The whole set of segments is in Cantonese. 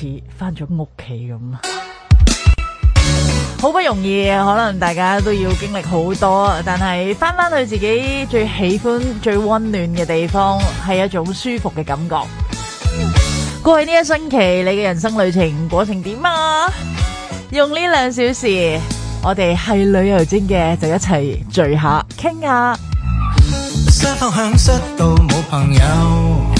似翻咗屋企咁啊！好不容易，可能大家都要經歷好多，但係翻翻去自己最喜歡、最溫暖嘅地方，係一種舒服嘅感覺。過去呢一星期，你嘅人生旅程過程點啊？用呢兩小時，我哋係旅遊精嘅，就一齊聚一下，傾下。失方向，失到冇朋友。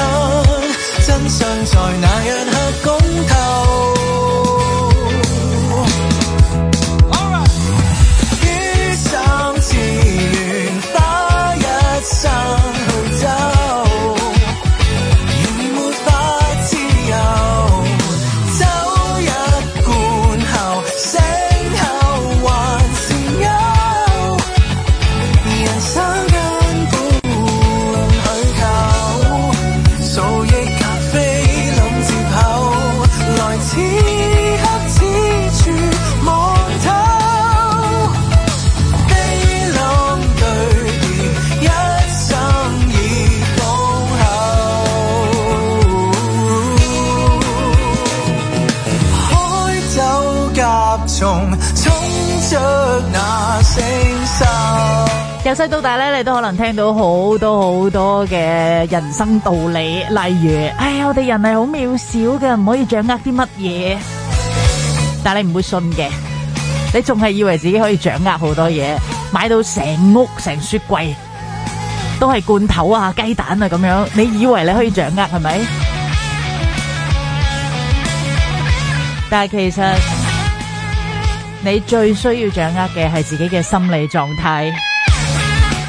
你都可能聽到好多好多嘅人生道理，例如：哎呀，我哋人係好渺小嘅，唔可以掌握啲乜嘢。但你唔會信嘅，你仲係以為自己可以掌握好多嘢，買到成屋成雪櫃都係罐頭啊、雞蛋啊咁樣，你以為你可以掌握係咪？但係其實你最需要掌握嘅係自己嘅心理狀態。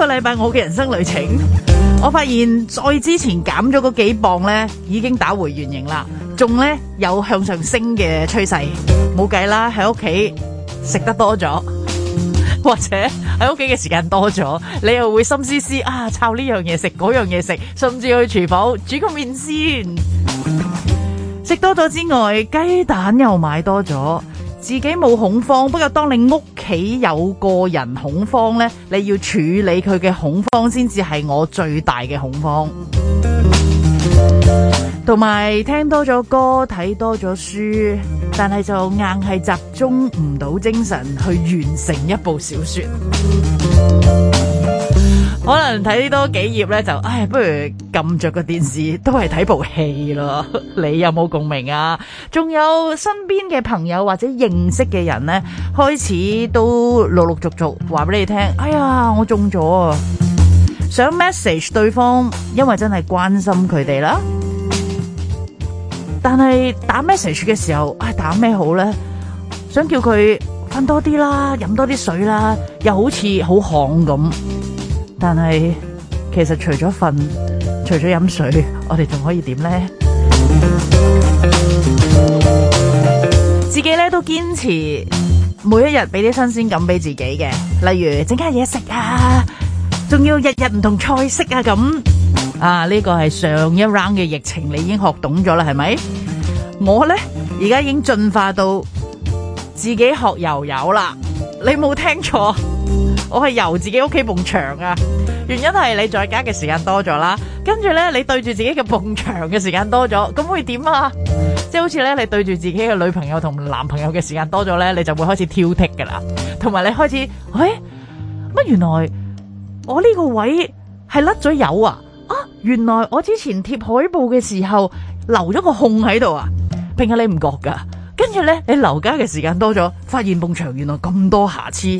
一個禮拜我嘅人生旅程，我發現再之前減咗嗰幾磅呢，已經打回原形啦，仲呢有向上升嘅趨勢，冇計啦，喺屋企食得多咗，或者喺屋企嘅時間多咗，你又會心思思啊，炒呢樣嘢食，嗰樣嘢食，甚至去廚房煮個麵先，食多咗之外，雞蛋又買多咗。自己冇恐慌，不過當你屋企有個人恐慌咧，你要處理佢嘅恐慌先至係我最大嘅恐慌。同埋 聽多咗歌，睇多咗書，但係就硬係集中唔到精神去完成一部小說。可能睇多幾頁咧，就唉，不如撳着個電視都係睇部戲咯。你有冇共鳴啊？仲有身邊嘅朋友或者認識嘅人咧，開始都陸陸續續話俾你聽。「哎呀，我中咗啊！」想 message 對方，因為真係關心佢哋啦。但係打 message 嘅時候，唉、哎，打咩好咧？想叫佢瞓多啲啦，飲多啲水啦，又好似好旱咁。但係其實除咗瞓，除咗飲水，我哋仲可以點咧？自己咧都堅持每一日俾啲新鮮感俾自己嘅，例如整下嘢食啊，仲要日日唔同菜式啊咁啊！呢個係上一 round 嘅疫情，你已經學懂咗啦，係咪？我咧而家已經進化到自己學油油啦！你冇聽錯。我係由自己屋企埲牆啊！原因係你在家嘅時間多咗啦，跟住呢，你對住自己嘅埲牆嘅時間多咗，咁會點啊？即係好似呢，你對住自己嘅女朋友同男朋友嘅時間多咗呢，你就會開始挑剔噶啦，同埋你開始，喂、哎、乜原來我呢個位係甩咗油啊！啊，原來我之前貼海報嘅時候留咗個空喺度啊！平日你唔覺噶。跟住咧，你留家嘅時間多咗，發現埲牆原來咁多瑕疵。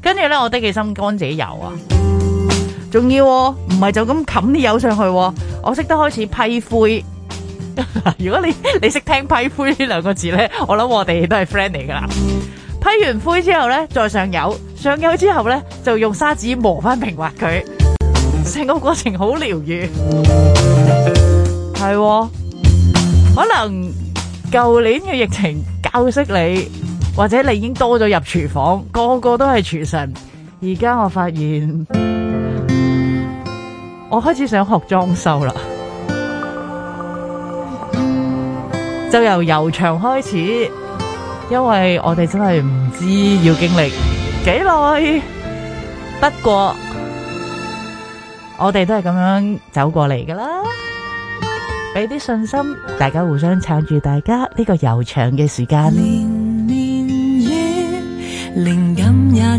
跟住咧，我得幾心肝自己油啊，仲要唔、哦、係就咁冚啲油上去。我識得開始批灰。 如果你你識聽批灰呢兩個字咧，我諗我哋都係 friend 嚟㗎喇。批完灰之後咧，再上油，上油之後咧，就用砂紙磨翻平滑佢。成個過程好療愈，係、 哦、可能。舊年嘅疫情教識你，或者你已經多咗入廚房，個個都係廚神。而家我發現，我開始想學裝修啦，就由油牆開始，因為我哋真係唔知要經歷幾耐。不過，我哋都係咁樣走過嚟㗎啦。俾啲信心，大家互相撐住，大家呢個悠長嘅時間。年年月靈感也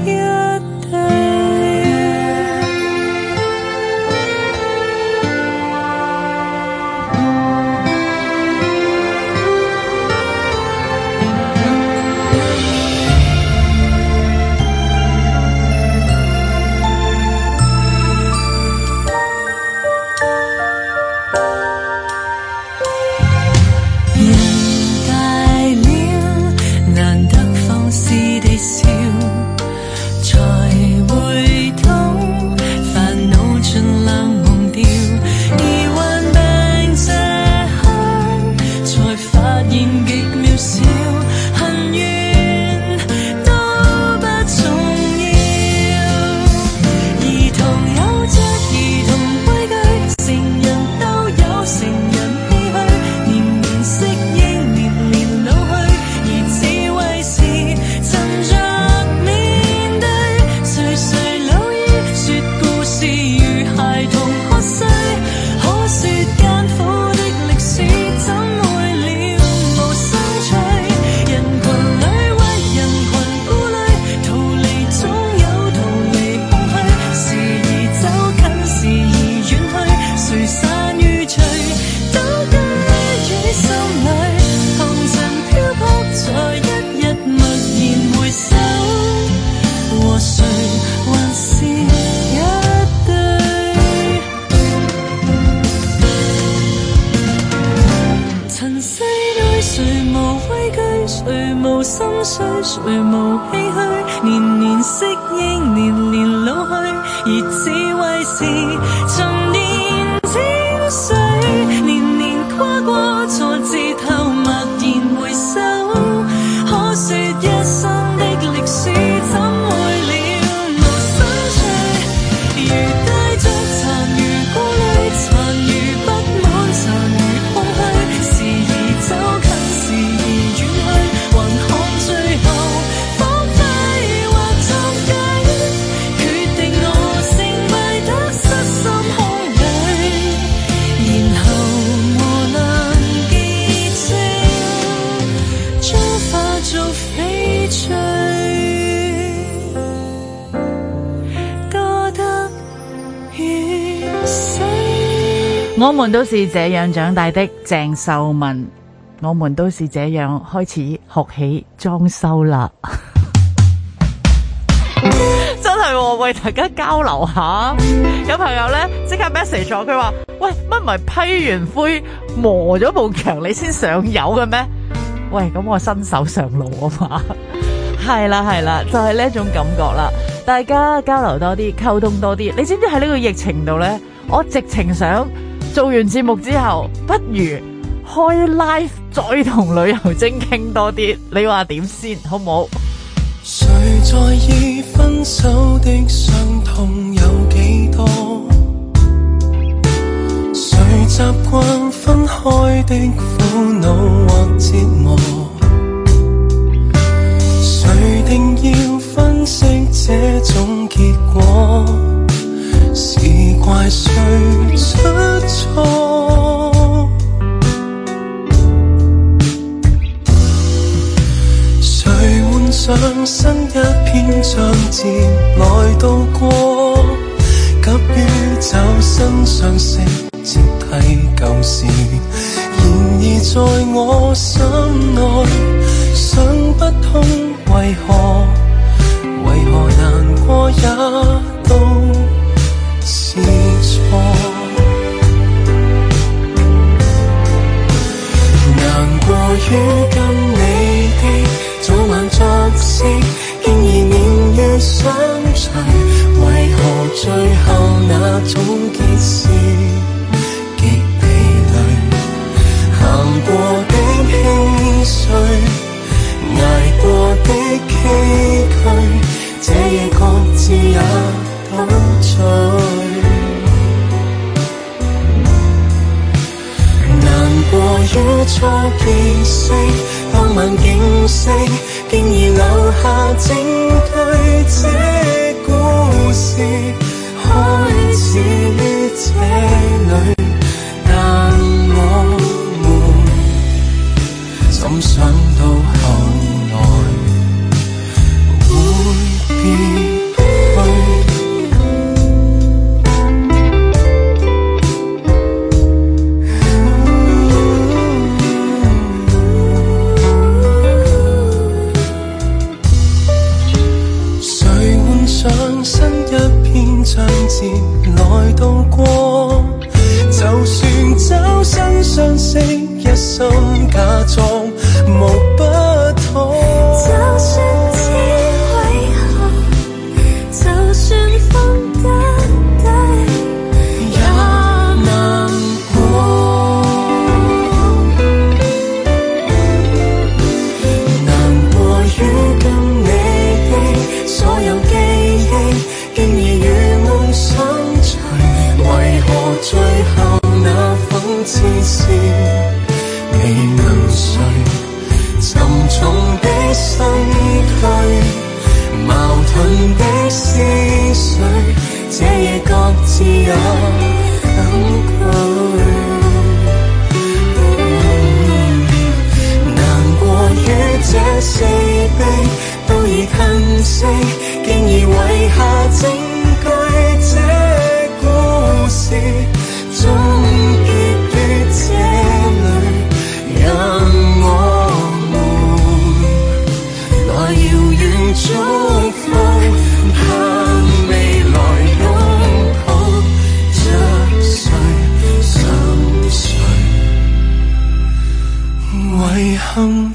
我們都是這樣長大的鄭秀文。我們都是這樣開始學起裝修啦。真係喂，大家交流下。有朋友呢，即刻 message 咗佢話喂，乜唔係批完灰磨咗部牆，你先上油嘅咩？喂，咁我新手上路啊嘛，係啦係啦，就係呢一種感覺啦。大家交流多啲，溝通多啲。你知唔知喺呢個疫情度呢？我直情想。做完節目之後，不如開 live 再同旅遊精傾多啲，你話點先好唔好？誰在意分手的傷痛有幾多？誰習慣分開的苦惱或折磨？誰定要分析這種結果？是怪誰出錯？誰換上新一篇章節？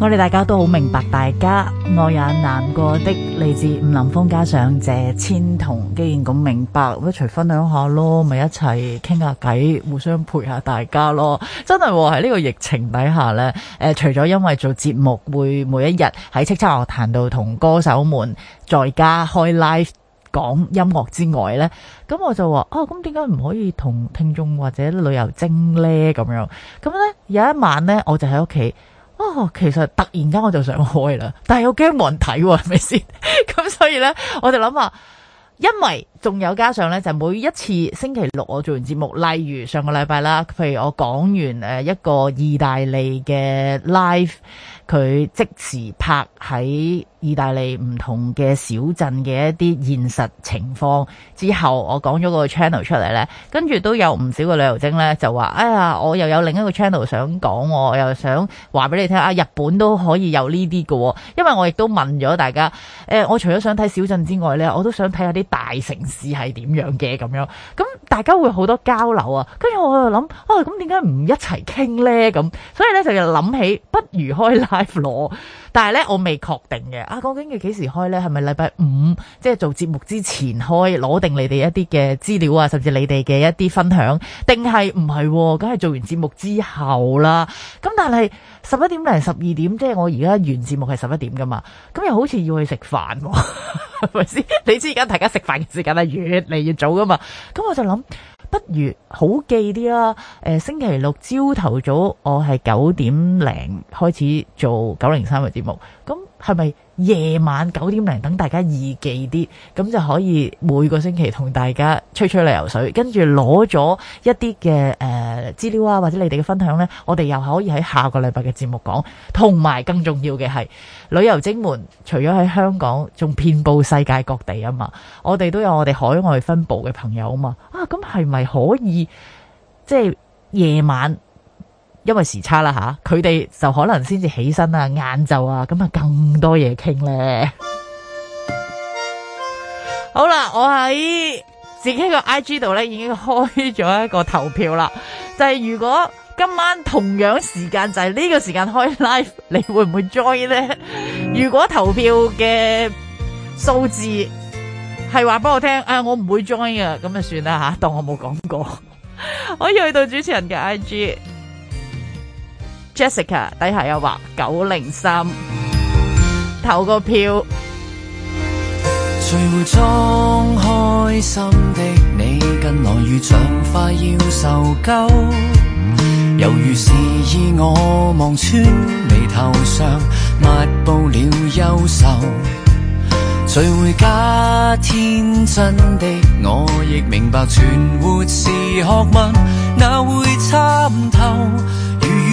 我哋大家都好明白，大家我也難過的，嚟自吳林峰加上謝千同，既然咁明白，咁除分享下咯，咪一齊傾下偈，互相陪下大家咯。真係喎，喺呢個疫情底下咧，誒，除咗因為做節目會每一日喺叱咤樂壇度同歌手們在家開 live。講音樂之外呢，咁我就話：哦，咁點解唔可以同聽眾或者旅遊精呢？咁樣咁呢，有一晚呢，我就喺屋企。哦，其實突然間我就想開啦，但係我驚冇人睇，係咪先？咁 所以呢，我就諗啊，因為仲有加上呢，就每一次星期六我做完節目，例如上個禮拜啦，譬如我講完誒一個意大利嘅 live，佢即時拍喺。意大利唔同嘅小鎮嘅一啲現實情況之後，我講咗個 channel 出嚟呢，跟住都有唔少個旅遊精呢，就話：哎呀，我又有另一個 channel 想講，我又想話俾你聽啊！日本都可以有呢啲嘅，因為我亦都問咗大家，誒、哎，我除咗想睇小鎮之外呢，我都想睇下啲大城市係點樣嘅咁樣。咁大家會好多交流啊！跟住我又諗：啊，咁點解唔一齊傾呢？咁所以呢，就諗起，不如開 live 攞。但係咧，我未確定嘅啊，究竟佢幾時開呢？係咪禮拜五即係做節目之前開攞定你哋一啲嘅資料啊，甚至你哋嘅一啲分享，定係唔係？梗係、哦、做完節目之後啦。咁但係十一點定十二點，即係我而家完節目係十一點噶嘛？咁又好似要去食飯喎，係咪先？你知而家大家食飯嘅時間係越嚟越早噶嘛？咁我就諗。不如好記啲啦，誒、呃、星期六朝頭早我係九點零開始做九零三嘅節目，咁係咪？是夜晚九點零等大家預記啲，咁就可以每個星期同大家吹吹旅遊水，跟住攞咗一啲嘅誒資料啊，或者你哋嘅分享呢，我哋又可以喺下個禮拜嘅節目講。同埋更重要嘅係，旅遊精門除咗喺香港，仲遍佈世界各地啊嘛，我哋都有我哋海外分部嘅朋友啊嘛，啊咁係咪可以即係夜晚？因為時差啦吓，佢哋就可能先至起身啊，晏晝啊，咁啊更多嘢傾咧。好啦，我喺自己個 I G 度咧已經開咗一個投票啦，就係如果今晚同樣時間就係呢個時間開 live，你會唔會 join 呢？如果投票嘅數字係話俾我聽，誒，啊，我唔會 join 嘅，咁啊算啦吓，當我冇講過。 可以去到主持人嘅 I G。Jessica 底下有話九零三投個票。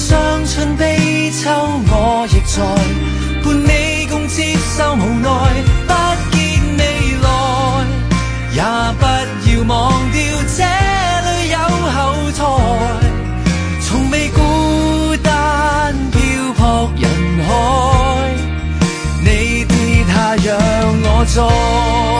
傷春悲秋，我亦在伴你共接受無奈，不見未來，也不要忘掉這裡有後台，從未孤單漂泊人海，你跌下讓我在。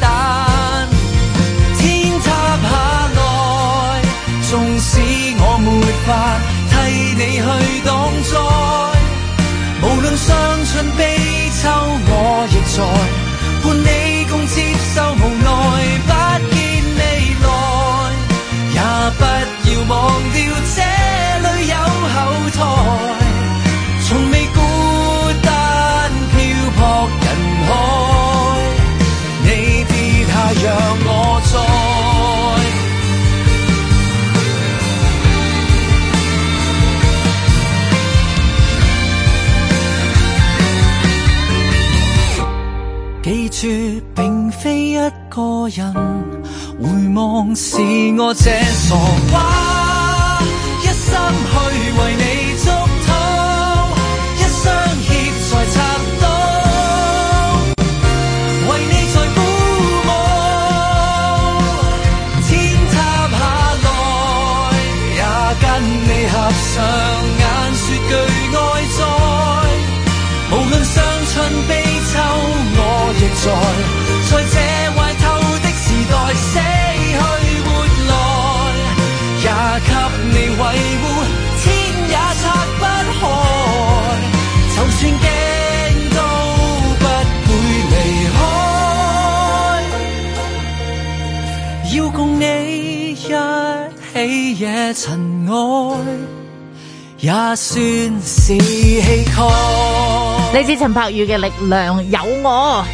替你去擋災，無論傷春悲秋，我亦在伴你共接受無奈。我這傻瓜。是陳柏宇嘅力量有我，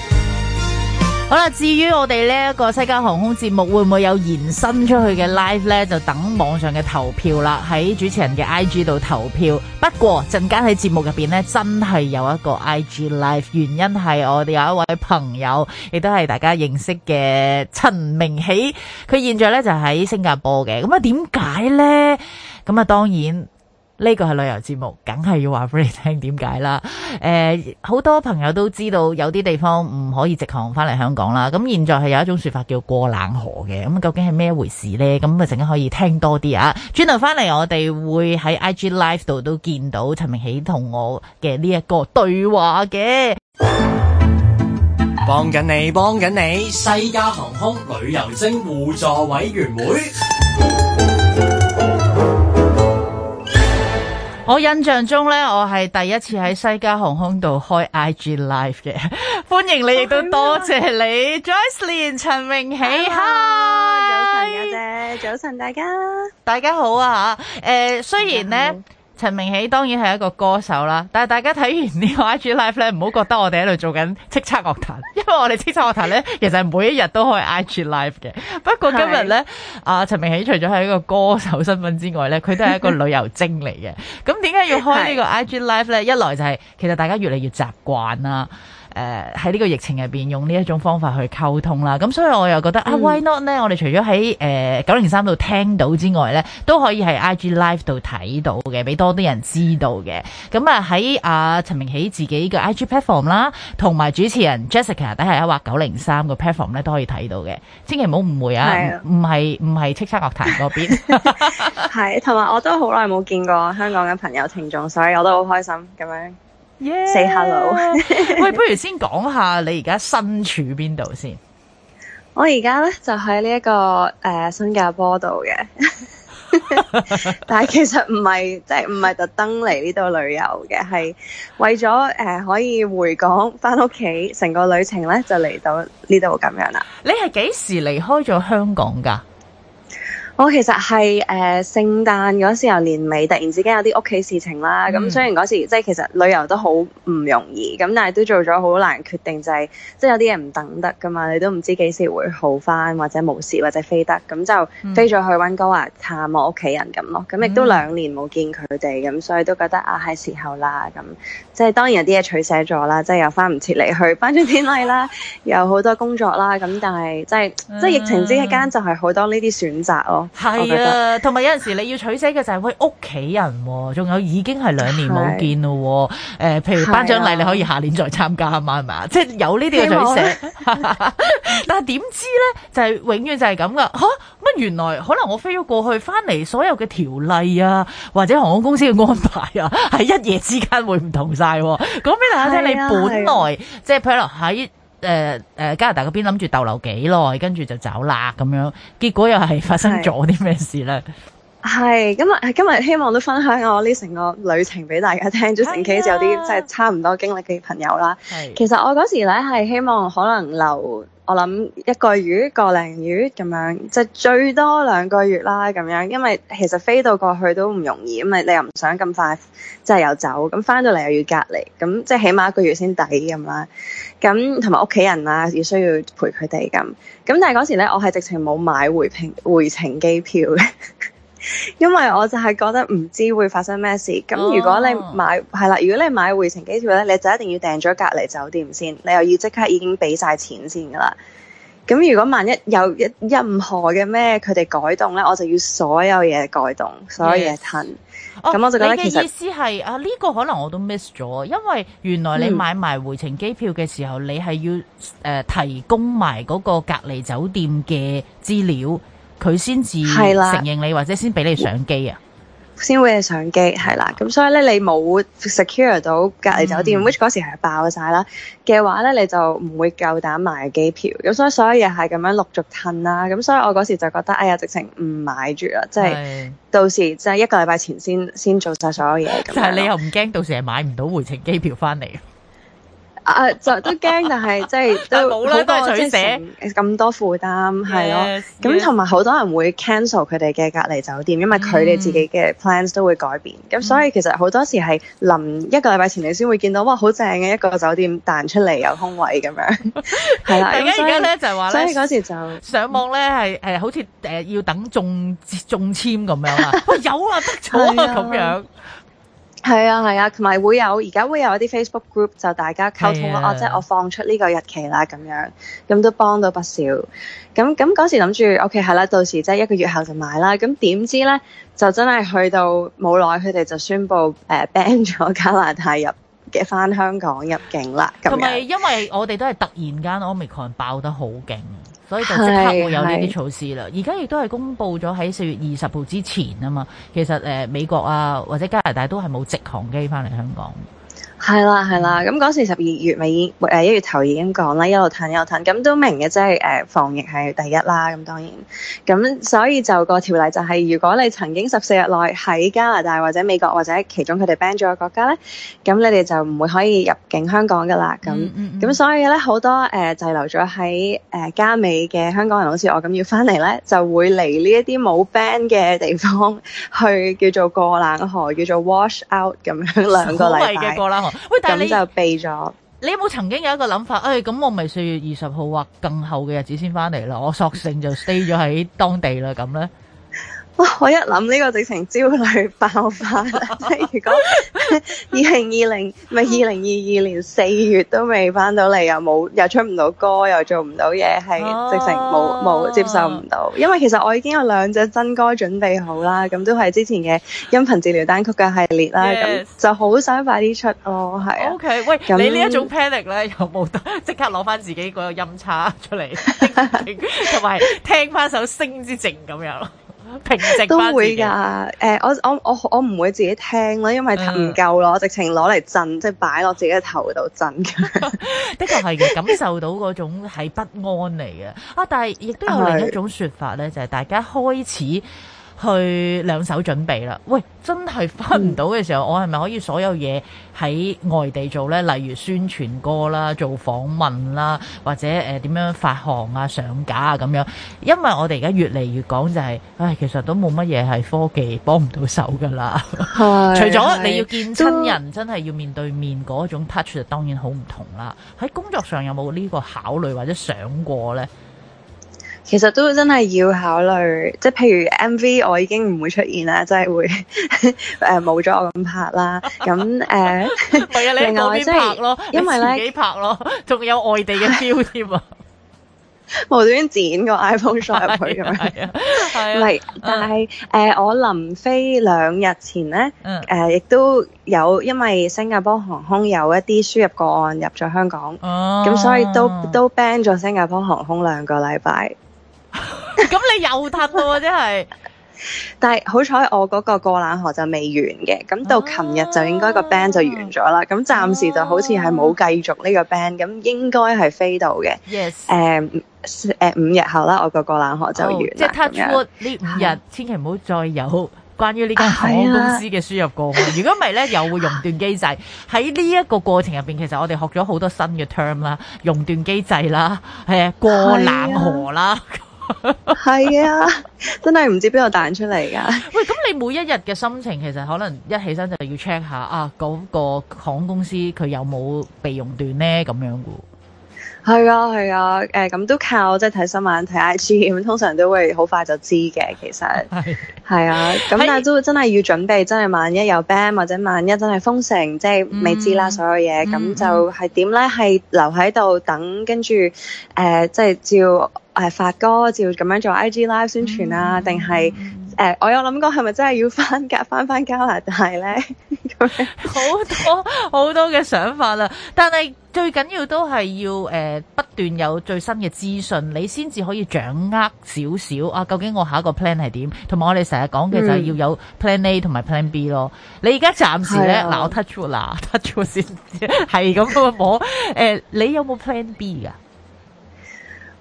好啦。至於我哋呢一個西加航空節目會唔會有延伸出去嘅 live 呢？就等網上嘅投票啦。喺主持人嘅 IG 度投票。不過陣間喺節目入邊呢，真係有一個 IG live。原因係我哋有一位朋友，亦都係大家認識嘅陳明喜，佢現在呢就喺新加坡嘅。咁啊，點解呢？咁啊，當然。呢個係旅遊節目，梗係要話俾你聽點解啦。誒、呃，好多朋友都知道有啲地方唔可以直航翻嚟香港啦。咁現在係有一種說法叫過冷河嘅，咁究竟係咩回事呢？咁啊，陣間可以聽多啲啊！轉頭翻嚟，我哋會喺 IG Live 度都見到陳明喜同我嘅呢一個對話嘅。幫緊你，幫緊你，西加航空旅遊精互助委員會。我印象中咧，我係第一次喺西加航空度開 IG live 嘅。 歡迎你，亦都多謝你，Jocelyn 陳榮喜哈，早晨家姐，早晨大家，大家好啊吓，誒、呃、雖然咧。嗯陳明喜當然係一個歌手啦，但係大家睇完呢個 IG Live 咧，唔好覺得我哋喺度做緊叱咤樂壇，因為我哋叱咤樂壇咧，其實係每一日都可以 IG Live 嘅。不過今日咧，阿陳是、呃、明喜除咗係一個歌手身份之外咧，佢都係一個旅遊精嚟嘅。咁點解要開呢個 IG Live 咧？一來就係其實大家越嚟越習慣啦。誒喺呢個疫情入邊用呢一種方法去溝通啦，咁所以我又覺得、嗯、啊，why not 呢？我哋除咗喺誒九零三度聽到之外呢，都可以喺 IG Live 度睇到嘅，俾多啲人知道嘅。咁啊喺阿陳明喜自己嘅 IG platform 啦，同埋主持人 Jessica 底下一劃九零三個 platform 咧都可以睇到嘅。千祈唔好誤會啊，唔係唔係叱咤樂壇嗰邊。係， 同埋我都好耐冇見過香港嘅朋友聽眾，所以我都好開心咁樣。Yeah. Say hello， 喂，不如先講下你而家身處邊度先？我而家咧就喺呢一個誒、呃、新加坡度嘅。 但係其實唔係即係唔係特登嚟呢度旅遊嘅，係為咗誒、呃、可以回港返屋企，成個旅程咧就嚟到呢度咁樣啦。你係幾時離開咗香港㗎？我、哦、其實係誒、呃、聖誕嗰時候，年尾突然之間有啲屋企事情啦，咁、嗯、雖然嗰時即係其實旅遊都好唔容易，咁但係都做咗好難決定，就係、是、即係有啲嘢唔等得噶嘛，你都唔知幾時會好翻，或者無事或者飛得，咁就飛咗去溫哥華探我屋企人咁咯。咁亦、嗯、都兩年冇見佢哋，咁所以都覺得啊係時候啦，咁、嗯嗯、即係當然有啲嘢取捨咗啦，即係又翻唔切嚟去頒獎典禮啦，有好多工作啦，咁但係即係即係疫情之間就係好多呢啲選擇咯。嗯嗯。係啊，同埋有陣時你要取捨嘅就係、是、喂屋企人喎、啊，仲有已經係兩年冇見咯喎、啊 呃，譬如頒獎禮你可以下年再參加係嘛係嘛？啊、吧即係有呢啲嘅取捨。 但係點知咧就係、是、永遠就係咁噶嚇，乜原來可能我飛咗過去翻嚟，所有嘅條例啊，或者航空公司嘅安排啊，係一夜之間會唔同晒。講俾大家聽，啊、你本來即係、啊、譬如話喺。誒誒，加拿大嗰邊諗住逗留幾耐，跟住就走啦咁樣。結果又係發生咗啲咩事咧？係今日今日希望都分享我呢成個旅程俾大家聽，即係成 K 有啲即係差唔多經歷嘅朋友啦。係其實我嗰時咧係希望可能留我諗一個月個零月咁樣，即係最多兩個月啦。咁樣因為其實飛到過去都唔容易，咁你你又唔想咁快即係又走，咁翻到嚟，又要隔離，咁即係起碼一個月先抵咁啦。咁同埋屋企人啦、啊，要需要陪佢哋咁。咁但係嗰時咧，我係直情冇買回平回程機票嘅， 因為我就係覺得唔知會發生咩事。咁如果你買係、oh. 啦，如果你買回程機票咧，你就一定要訂咗隔離酒店先，你又要即刻已經俾晒錢先㗎啦。咁如果萬一有一任何嘅咩佢哋改動咧，我就要所有嘢改動，所有嘢騰。Yes. 哦，你嘅意思係實啊？呢、呢個可能我都 miss 咗，因為原來你買埋回程機票嘅時候，嗯、你係要誒、呃、提供埋嗰個隔離酒店嘅資料，佢先至承認你，的或者先俾你上機啊。先會上機，係啦，咁、嗯、所以咧你冇 secure 到隔離酒店、嗯、which 嗰時係爆晒啦嘅話咧，你就唔會夠膽買機票，咁、嗯、所以所有嘢係咁樣陸續褪啦，咁、嗯、所以我嗰時就覺得哎呀，直情唔買住啦，即係到時即係一個禮拜前先先做晒所有嘢。 但係你又唔驚到時係買唔到回程機票翻嚟？啊！就都驚，但係即係都好多之前咁多負擔，係咯。咁同埋好多人會 cancel 佢哋嘅隔離酒店，因為佢哋自己嘅 plans 都會改變。咁所以其實好多時係臨一個禮拜前，你先會見到哇，好正嘅一個酒店彈出嚟有空位咁樣。係啊，而家而家咧就係話所以嗰時就上網咧係誒，好似誒要等中中籤咁樣啊。哇，有啊，得咗啊，咁樣。係啊，係啊，同埋會有而家會有一啲 Facebook group，就大家溝通咯，啊哦。即係我放出呢個日期啦，咁樣咁都幫到不少。咁咁嗰時諗住，OK 係啦，啊，到時即係一個月後就買啦。咁點知呢，就真係去到冇耐，佢哋就宣布誒 ban 咗加拿大入嘅返香港入境啦。同埋因為我哋都係突然間 Omicron 爆得好勁。所以就即刻會有呢啲措施啦。而家亦都係公布咗喺四月二十號之前啊嘛。其實誒、呃、美國啊或者加拿大都係冇直航機翻嚟香港。係啦，係啦，咁 嗰樂時十二月尾已一月頭已經講啦，一路騰一路騰，咁都明嘅，即係誒防疫係第一啦，咁當然，咁所以就個條例就係、是，如果你曾經十四日內喺加拿大或者美國或者其中佢哋 ban 咗嘅國家咧，咁你哋就唔會可以入境香港噶啦，咁咁、嗯嗯嗯、所以咧好多誒滯、呃、留咗喺誒加美嘅香港人，好似我咁要翻嚟咧，就會嚟呢一啲冇 ban 嘅地方去叫做過冷河，叫做 wash out 咁樣兩個禮拜。嗯嗯嗯嗯嗯嗯。喂，但你就避咗。你有冇曾經有一個諗法？誒、哎，咁我咪四月二十號或更後嘅日子先翻嚟咯。我索性就 stay 咗喺當地啦，咁咧。我一諗呢、這個直情焦慮爆發啦。即係 如果二零二零唔係二零二二年四月都未翻到嚟，又冇又出唔到歌，又做唔到嘢，係直情冇冇接受唔到。啊、因為其實我已經有兩隻新歌準備好啦，咁都係之前嘅音頻治療單曲嘅系列啦。咁 Yes. 就好想快啲出哦。係 O K，喂，那你呢一種 panic 咧，有冇得？即刻攞翻自己嗰個音叉出嚟，同埋聽翻首《聲之靜》咁樣？平靜都會㗎，誒、 呃，我我我我唔會自己聽咯，因為唔夠咯，我直情攞嚟震，即係擺落自己嘅頭度震嘅， 的確係嘅，感受到嗰種係不安嚟嘅，啊，但係亦都有另一種説法咧，就係、是、大家開始。去兩手準備啦！喂，真係分唔到嘅時候，嗯、我係咪可以所有嘢喺外地做呢？例如宣傳歌啦、做訪問啦，或者誒、呃、點樣發行啊、上架啊咁樣。因為我哋而家越嚟越講就係、是，唉，其實都冇乜嘢係科技幫唔到手噶啦。是 除咗你要見親人，是真係要面對面嗰種 touch，當然好唔同啦。喺工作上有冇呢個考慮或者想過呢？其實都真係要考慮，即係譬如 MV，我已經唔會出現啦，即係會誒冇咗我咁拍啦。咁誒， 唯有你喺嗰邊拍自己拍咯，仲有 外地嘅標誌啊，無端剪個 iPhone 入去咁，係啊，係。但係誒、呃，我臨飛兩日前咧，誒、呃、亦都有，因為新加坡航空有一啲輸入個案入咗香港，咁、嗯、所以都都 ban 咗新加坡航空兩個禮拜。咁你又褪喎，真係。但係好彩，我嗰個過冷河就未完嘅。咁到琴日就應該個 ban 就完咗啦。咁暫時就好似係冇繼續呢個 ban，咁應該係飛到嘅。Yes。誒誒，五日後啦，我個過冷河就完。即係 touch wood 呢五日，千祈唔好再有關於呢間航空公司嘅輸入過去。如果唔係呢，又會熔斷機制。喺呢一個過程入邊，其實我哋學咗好多新嘅 term 啦，熔斷機制啦，誒，過冷河啦。係 啊，真係唔知邊度彈出嚟噶。 喂，咁你每一日嘅心情，其實可能一起身就要 check 下啊，嗰個航空公司佢有冇被熔斷呢？咁樣係啊，係啊，誒咁都靠即係睇新聞、睇 IG 咁，通常都會好快就知嘅。其實係係啊，咁但係都真係要準備，真係萬一有 ban 或者萬一真係封城，即係未知啦所有嘢，咁就係點咧？係留喺度等，跟住誒即係照誒發歌，照咁樣做 IG Live 宣傳啊，定係？誒、呃，我有諗過係咪真係要翻加翻翻加拿大咧？好 多好多嘅想法啦，但係最緊要都係要誒、呃，不斷有最新嘅資訊，你先至可以掌握少少,少啊。究竟我下一個 plan 係點？同埋我哋成日講嘅就係要有 plan A 同埋 plan B 咯。你而家暫時咧，嗱 touch 啦，touch 先，係咁嘅冇。誒，你有冇 plan B 㗎？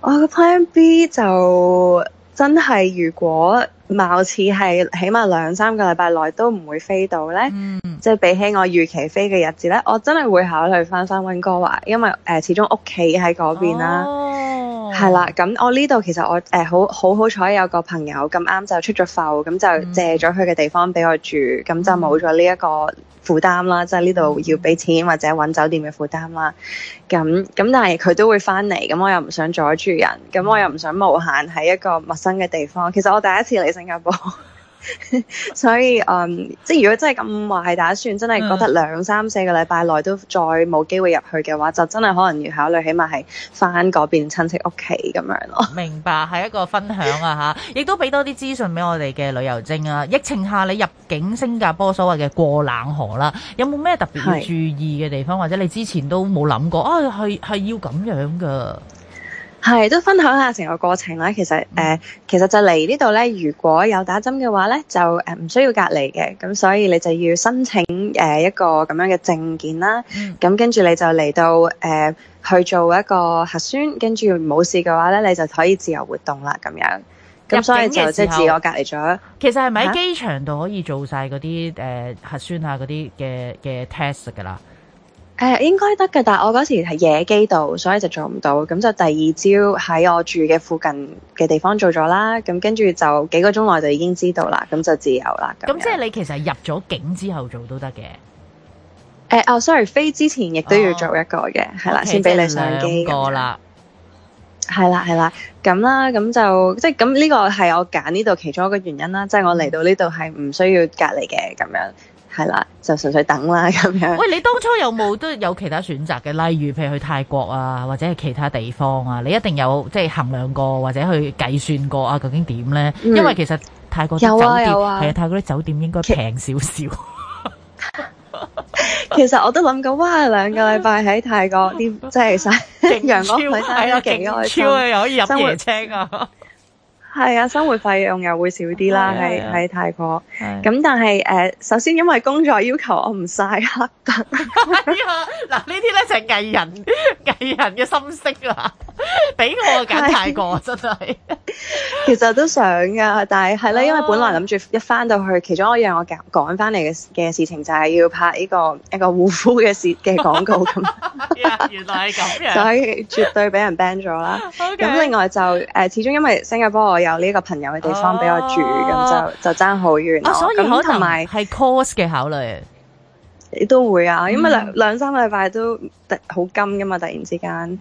我個 plan B 就真係如果。貌似係起碼兩三個禮拜內都唔會飛到咧，嗯、即係比起我預期飛嘅日子咧，我真係會考慮返返温哥華，因為誒、呃、始終屋企喺嗰邊啦。哦。係啦，咁，oh。我呢度其實我誒、呃、好好好彩有個朋友咁啱就出咗埠，咁就借咗佢嘅地方俾我住，咁，mm。就冇咗呢一個負擔啦，即係呢度要俾錢或者揾酒店嘅負擔啦。咁咁但係佢都會翻嚟，咁我又唔想阻住人，咁，mm。我又唔想無限喺一個陌生嘅地方。其實我第一次嚟新加坡。 所以嗯，即係如果真係咁壞打算，真係覺得兩三四個禮拜內都再冇機會入去嘅話，就真係可能要考慮起碼係翻嗰邊親戚屋企咁樣咯。明白，係一個分享啊吓，亦、 啊、都俾多啲資訊俾我哋嘅旅遊精啊。疫情下你入境新加坡所謂嘅過冷河啦，有冇咩特別要注意嘅地方，是或者你之前都冇諗過啊？係、哎、係要咁樣噶。係，都分享下成個過程啦。其實，誒、呃，其實就嚟呢度咧，如果有打針嘅話咧，就誒唔需要隔離嘅。咁所以你就要申請誒、呃、一個咁樣嘅證件啦。咁、嗯、跟住你就嚟到誒、呃、去做一個核酸，跟住冇事嘅話咧，你就可以自由活動啦。咁樣咁所以就即係自我隔離咗。入境嘅時候，其實係咪喺機場度可以做晒嗰啲誒核酸啊嗰啲嘅嘅 test 㗎啦？誒，uh, 應該得嘅，但係我嗰時係夜機度，所以就做唔到，咁就第二朝喺我住嘅附近嘅地方做咗啦，咁跟住就幾個鐘內就已經知道啦，咁就自由啦。咁即係你其實入咗境之後做都得嘅。誒，哦，sorry，飛之前亦都要做一個嘅，係啦，先俾你上機。過啦，係啦係啦，咁啦，咁就即係咁呢個係我揀呢度其中一個原因啦，即係我嚟到呢度係唔需要隔離嘅咁樣。係啦，就純粹等啦咁樣。喂，你當初有冇都有其他選擇嘅？例如，譬如去泰國啊，或者係其他地方啊？你一定有即係、就是、衡量過，或者去計算過啊？究竟點咧？嗯、因為其實泰國啲酒店有啊，有啊，係啊，泰國啲酒店應該平少少。 其實我都諗過，哇，兩個禮拜喺泰國啲即係曬陽光，睇得幾開心， 超啊，又可以入椰青啊活！係啊，生活費用又會少啲啦，喺喺泰國。咁但係誒，首先因為工作要求，我唔晒黑得。嗱呢啲咧就係藝人藝人嘅心聲啦，俾我揀泰國真係。其實都想噶，但係係咧，因為本來諗住一翻到去，其中一樣我趕趕翻嚟嘅嘅事情就係要拍呢個一個護膚嘅事嘅廣告咁。原來係咁樣，所以絕對俾人 ban 咗啦。咁另外就誒，始終因為新加坡。有呢個朋友嘅地方俾我住，咁、oh. 就就爭好遠。咁同埋係 cost 嘅考慮，你都會啊，嗯、因為兩兩三個禮拜都好金噶嘛，突然之間。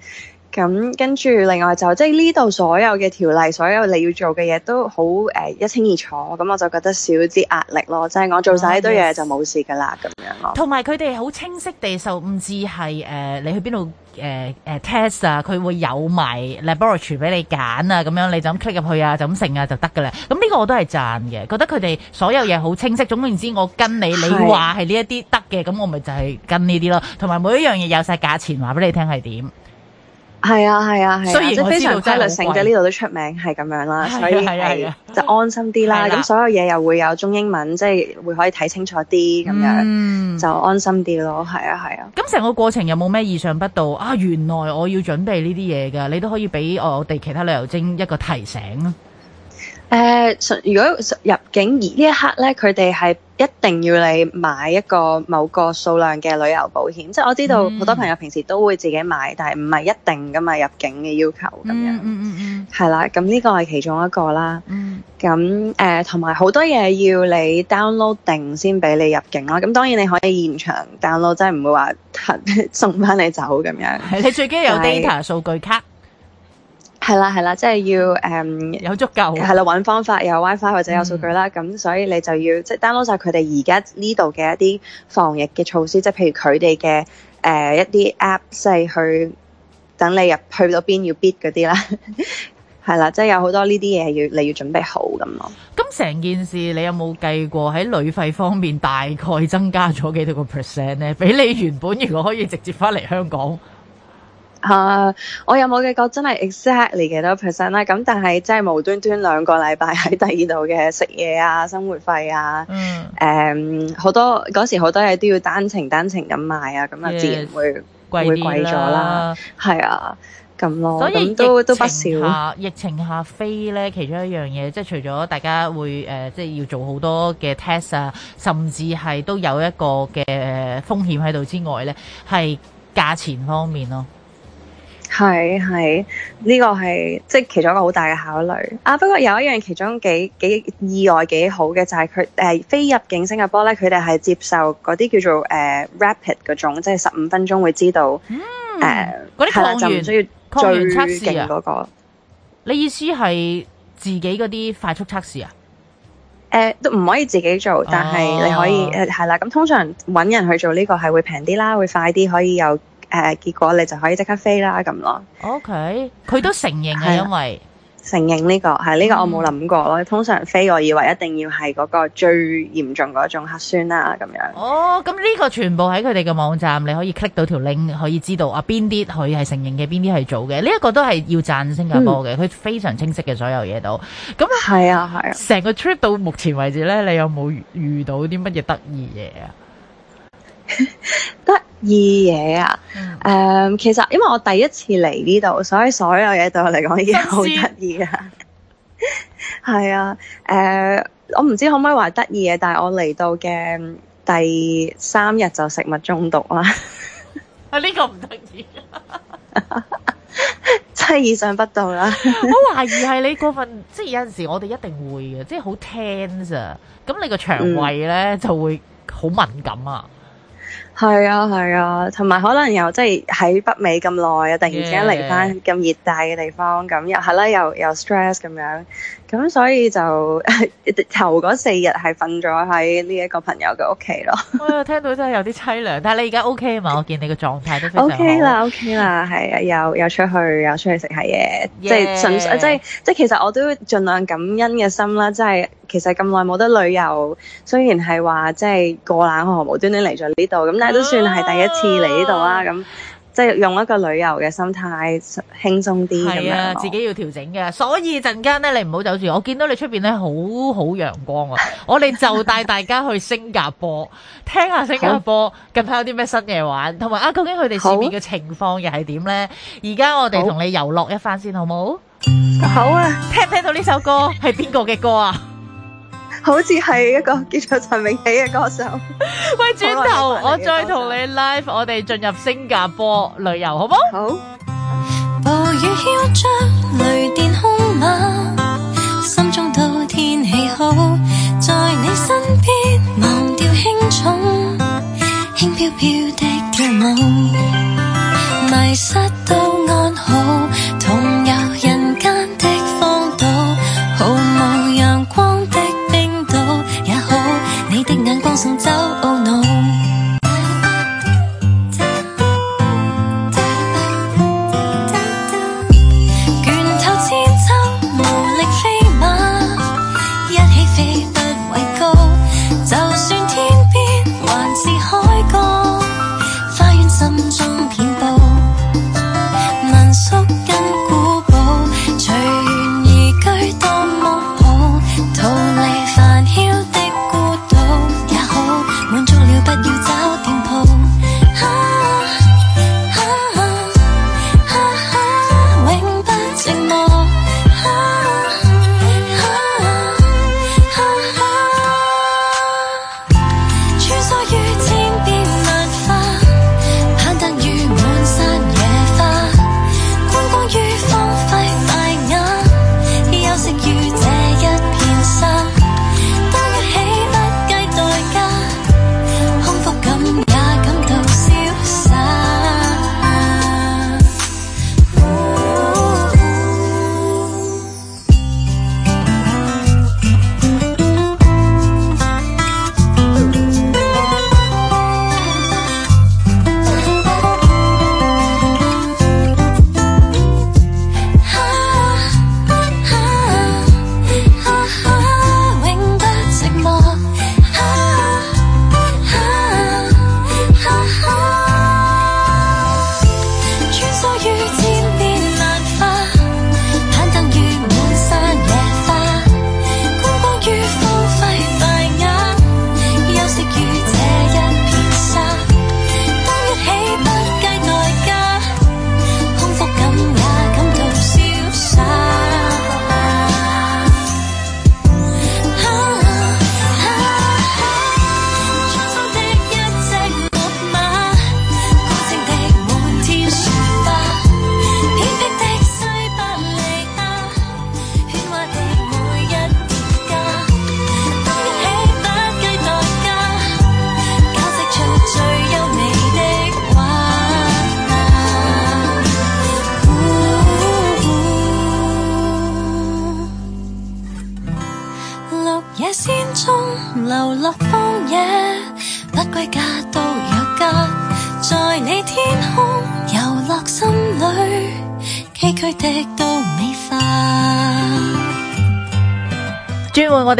咁跟住，另外就即係呢度所有嘅條例，所有你要做嘅嘢都好誒、呃、一清二楚，咁我就覺得少啲壓力咯。即、就、係、是、我做晒呢堆嘢就冇事噶啦，咁樣咯。同埋佢哋好清晰地，受、呃，唔知係誒你去邊度誒誒 test 啊，佢、呃啊、會有埋 laboratory 俾你揀啊，咁樣你就咁 click 入去啊，就咁成啊就得噶啦。咁呢、嗯這個我都係讚嘅，覺得佢哋所有嘢好清晰。總言之，我跟你你話係呢一啲得嘅，咁是我咪就係跟呢啲咯。同埋每一樣嘢有晒價錢，話俾你聽係點。係 king 啊係啊係，即係非常規律性嘅呢度都出名，係咁樣啦，了所以係了就安心啲啦。咁了所有嘢又會有中英文，即係會可以睇清楚啲咁樣，um，就安心啲咯。係啊係啊。咁成個過程有冇咩意想不到啊 broadly, 分擔？原來我要準備呢啲嘢㗎，你都可以俾我哋其他旅遊精一個提醒啊！誒、呃，如果入境而呢一刻咧，佢哋係一定要你買一個某個數量嘅旅遊保險，嗯、即係我知道好多朋友平時都會自己買，但係唔係一定噶嘛，入境嘅要求咁樣，嗯嗯嗯，係、嗯嗯、啦，咁呢個係其中一個啦。咁誒、嗯，同埋好多嘢要你 download 定先俾你入境啦、啊。咁當然你可以現場 download，即係唔會話送翻你走咁樣，你最緊要有 data 數、就是、據卡。係啦，係啦，即係要誒、嗯、有足夠，係啦，揾方法有 WiFi 或者有數據啦。咁、嗯、所以你就要即係 download 曬佢哋而家呢度嘅一啲防疫嘅措施，即係譬如佢哋嘅誒一啲 app，即係去等你入去到邊要 bid 嗰啲啦。係 啦，即係有好多呢啲嘢要你要準備好咁咯。咁成件事你有冇計過喺旅費方面大概增加咗幾多個 percent 咧？比你原本如果可以直接翻嚟香港？啊！Uh, 我有冇計過真係 exactly 幾多 percent 啦。咁但係真係無端端兩個禮拜喺第二度嘅食嘢啊，生活費啊，誒好、嗯 um, 多嗰時好多嘢都要單程單程咁買啊，咁啊、嗯、自然會貴會貴咗啦。係啊，咁咯，所以都，都不少。疫情下飛咧，其中一樣嘢即係除咗大家會誒、呃，即係要做好多嘅 test 啊，甚至係都有一個嘅風險喺度之外咧，係價錢方面咯。係係呢個係即係其中一個好大嘅考慮啊！不過有一樣其中幾幾意外幾好嘅就係佢誒飛入境新加坡咧，佢哋係接受嗰啲叫做誒、呃、Rapid 嗰種，即係十五分鐘會知道誒嗰啲抗原，就唔需要最抗原測試啊、嗰個，啊！你意思係自己嗰啲快速測試啊？誒、呃，都唔可以自己做，但係你可以誒係啦。咁、哦、通常搵人去做呢個係會平啲啦，會快啲，可以有。係結果你就可以即刻飛啦咁咯。OK，佢都承認係，因為承認呢個係呢、啊這個我冇諗過咯。嗯、通常飛我以為一定要係嗰個最嚴重嗰種核酸啦、啊、咁樣。哦，咁呢個全部喺佢哋嘅網站，你可以 click 到條 link 可以知道啊，邊啲佢係承認嘅，邊啲係做嘅，呢一個都係要讚新加坡嘅，佢、嗯、非常清晰嘅所有嘢都。咁係啊係啊，成、啊、個 trip 到目前為止呢，你有冇遇到啲乜嘢得意嘢啊？得意嘢啊！誒，um, 其實因為我第一次嚟呢度，所以所有嘢對我嚟講已經好得意㗎。係是 啊，誒、uh,，我唔知可唔可以話得意嘅，但係我嚟到嘅第三日就食物中毒啦。 啊，呢、這個唔得意， 真係意想不到啦！ 我懷疑係你過分，即係有陣時我哋一定會嘅，即係好 tense 啊。咁你個腸胃咧、嗯、就會好敏感啊。係啊，係啊，同埋可能又即係喺北美咁耐啊，突然之間嚟翻咁熱帶嘅地方，咁又係啦，又又、啊、stress 咁樣。咁所以就頭嗰四日係瞓咗喺呢一個朋友嘅屋企咯。哇，聽到真係有啲淒涼。但係你而家 O K 嘛？我見你個狀態都 O K 啦，O K 啦，係啊，又又出去，又出去食下嘢，即係純粹，即係即係其實我都盡量感恩嘅心啦。即係其實咁耐冇得旅遊，雖然係話即係過冷河無端端嚟咗呢度，咁但係都算係第一次嚟呢度啦咁。即係用一個旅遊嘅心態，輕鬆啲係啊，我自己要調整嘅。所以陣間咧，你唔好走住。我見到你出邊咧，好好陽光啊！ 我哋就帶大家去新加坡，聽下新加坡近排有啲咩新嘢玩，同埋好啊，究竟佢哋市面嘅情況又係點咧？而家好我哋同你遊樂一番先，好唔好？好啊！聽唔、啊、聽到呢首歌係邊個嘅歌啊？好似係一個叫做陳明喜嘅歌手，喂，轉頭我再同你 live，我哋進入新加坡旅遊好唔好？好。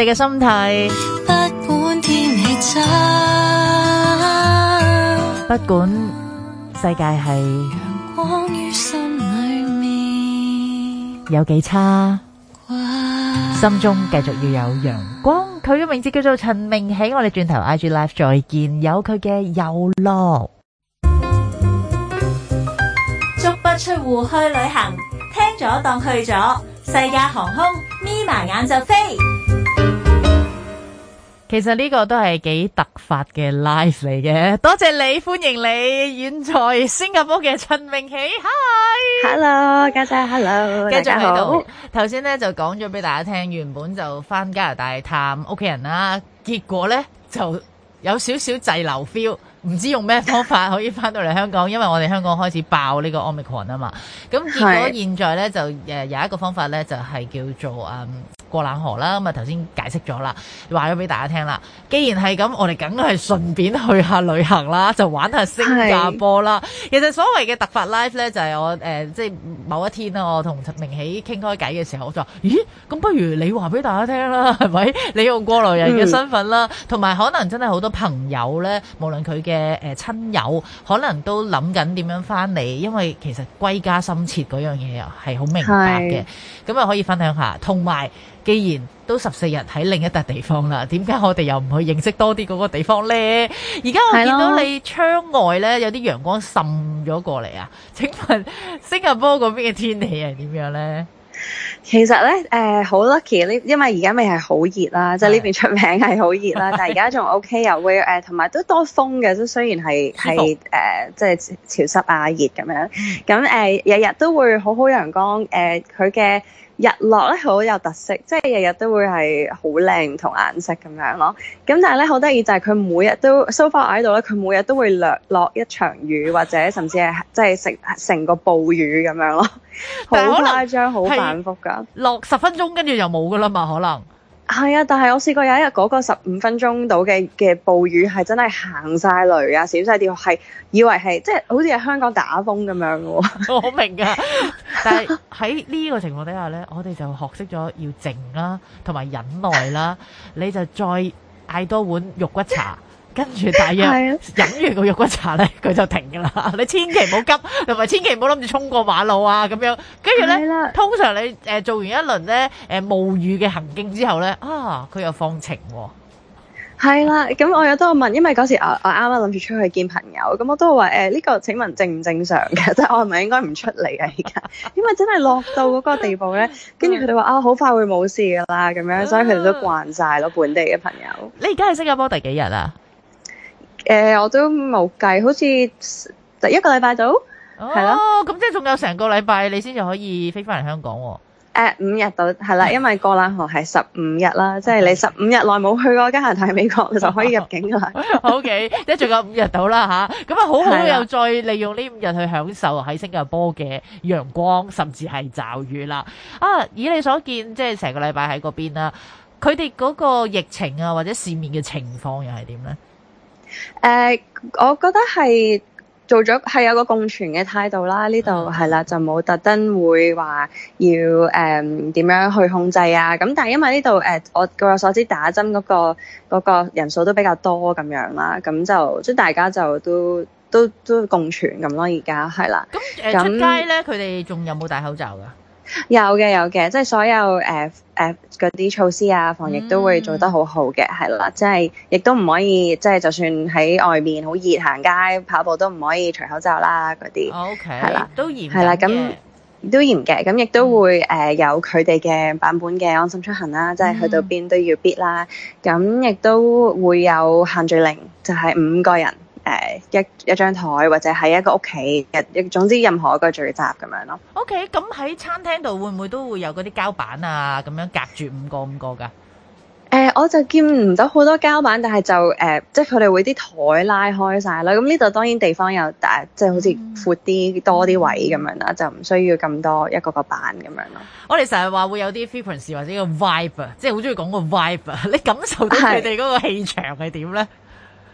嘅心態，不管天氣差，不管世界係，陽光於心裏面有幾差，乖心中繼續要有陽光。佢嘅、啊、名字叫做陳明喜。嗯、我哋轉頭 IG live 再見，有佢嘅遊樂，足不出戶去旅行，聽咗當去咗，世界航空眯埋眼就飛。其實呢個都係幾突發嘅 live 嚟嘅，多謝你歡迎你遠在新加坡嘅陳明喜，hi，hello 家姐，hello，接着大家好。頭先咧就講咗俾大家聽，原本就翻加拿大探屋企人啦，結果咧就有少少滯留 feel。唔知用咩方法可以翻到嚟香港， 因為我哋香港開始爆呢個 omicron 啊嘛，咁結果現在咧就誒有一個方法咧就係、是、叫做誒、嗯、過冷河啦，咁啊頭先解釋咗啦，話咗俾大家聽啦。既然係咁，我哋梗係順便去下旅行啦，就玩下新加坡啦。 其實所謂嘅突發 life 咧，就係、是、我誒、呃、即係某一天啊，我同陳明喜傾開偈嘅時候，我就話：咦，咁不如你話俾大家聽啦，係咪？你用過來人嘅身份啦，同埋 可能真係好多朋友咧，無論佢嘅。嘅誒親友可能都諗緊點樣翻嚟，因為其實歸家心切嗰樣嘢又係好明白嘅，咁啊是可以分享下。同埋既然都十四日喺另一笪地方啦，點解我哋又唔去認識多啲嗰個地方呢？而家我見到你窗外呢，有啲陽光滲咗過嚟啊！請問新加坡嗰邊嘅天氣係點樣呢？其實咧，誒好 lucky 呢，因為而家咪係好熱啦，即係呢邊出名係好熱啦， 但係、OK 啊、而家仲 OK 又會，誒同埋都多風嘅，都雖然係係誒即係潮濕啊熱咁樣，咁誒日日都會好好陽光，誒佢嘅。日落咧好有特色，即係日日都會係好靚同顏色咁樣咯。咁但係咧好得意就係佢每日都，so far 喺度咧，佢每日都會落落一場雨或者甚至係 即係成成個暴雨咁樣咯，好誇張，好反覆噶。落十分鐘跟住又冇噶啦嘛，可能。係啊，但係我試過有一日個十五分鐘到嘅嘅暴雨係真係行晒雷啊，閃晒電，係以為係即係好似係香港打風咁樣嘅喎， 我明啊！但係喺呢個情況底下咧，我哋就學識咗要靜啦，同埋忍耐啦，你就再嗌多碗肉骨茶。跟住大約飲是、啊、完個肉骨茶咧，佢就停噶啦。 你千祈唔好急，同埋千祈唔好諗住衝過馬路啊咁樣。跟住咧，是啊、通常你誒、呃、做完一輪咧誒冒雨嘅行徑之後咧，啊佢又放晴喎、哦啊。係啦，咁我有都我問，因為嗰時我啱啱諗住出去見朋友，咁我都話誒呢個請問正唔正常嘅？即係我係咪應該唔出嚟啊？而家因為真係落到嗰個地步咧，跟住佢哋話啊，好、哦、快會冇事噶啦咁樣，所以佢哋都慣晒咯本地嘅朋友。 你而家喺新加坡第幾日啊？誒、呃，我都冇計，好似第一個禮拜到，係咯、哦，咁了、哦、即係仲有成個禮拜你先至可以飛翻嚟香港。誒、呃，五日到係啦，嗯、因為過冷河係十五日啦，嗯、即係你十五日內冇去過加拿大、在在美國，就可以入境啦。O K，嗯、哦、 即係仲有五日到啦吓，咁啊，好好又再利用呢五日去享受喺新加坡嘅陽光，甚至係驟雨啦。啊，以你所見，即係成個禮拜喺嗰邊啦，佢哋嗰個疫情啊，或者市面嘅情況又係點咧？誒，uh, 我覺得係做咗係有個共存嘅態度啦，呢度係啦，就冇特登會話要誒點樣去控制啊。咁但係因為呢度誒，我據我所知打針嗰個嗰個人數都比較多咁樣啦，咁就即係大家就都都都共存咁咯。而家係啦，咁、嗯嗯、出街咧，佢哋仲有冇戴口罩噶？有嘅有嘅，即係所有誒誒嗰啲措施啊，防疫都會做得好好嘅，係啦、嗯，即係亦都唔可以，即係就算喺外面好熱行街跑步都唔可以除口罩啦嗰啲，係啦，okay, 的都嚴，係、嗯、啦，咁都嚴嘅，咁、嗯、亦都會誒、呃、有佢哋嘅版本嘅安心出行啦，即係去到邊都要必啦，咁亦、嗯、都會有限聚令，就係、是、五個人。誒、uh, 一一張台或者係一個屋企，一一總之任何一個聚集咁樣咯、啊。O K，咁喺餐廳度會唔會都會有嗰啲膠板啊，咁樣隔住五個五個㗎？誒，uh, 我就見唔到好多膠板，但係就誒，uh, 即係佢哋會啲台拉開晒啦。咁呢度當然地方又大，即係好似闊啲、mm. 多啲位咁樣啦，就唔需要咁多一個個板咁樣咯、啊。我哋成日話會有啲 frequency 或者個 vibe，即係好中意講個 vibe。 你感受到佢哋嗰個氣場係點咧？ 的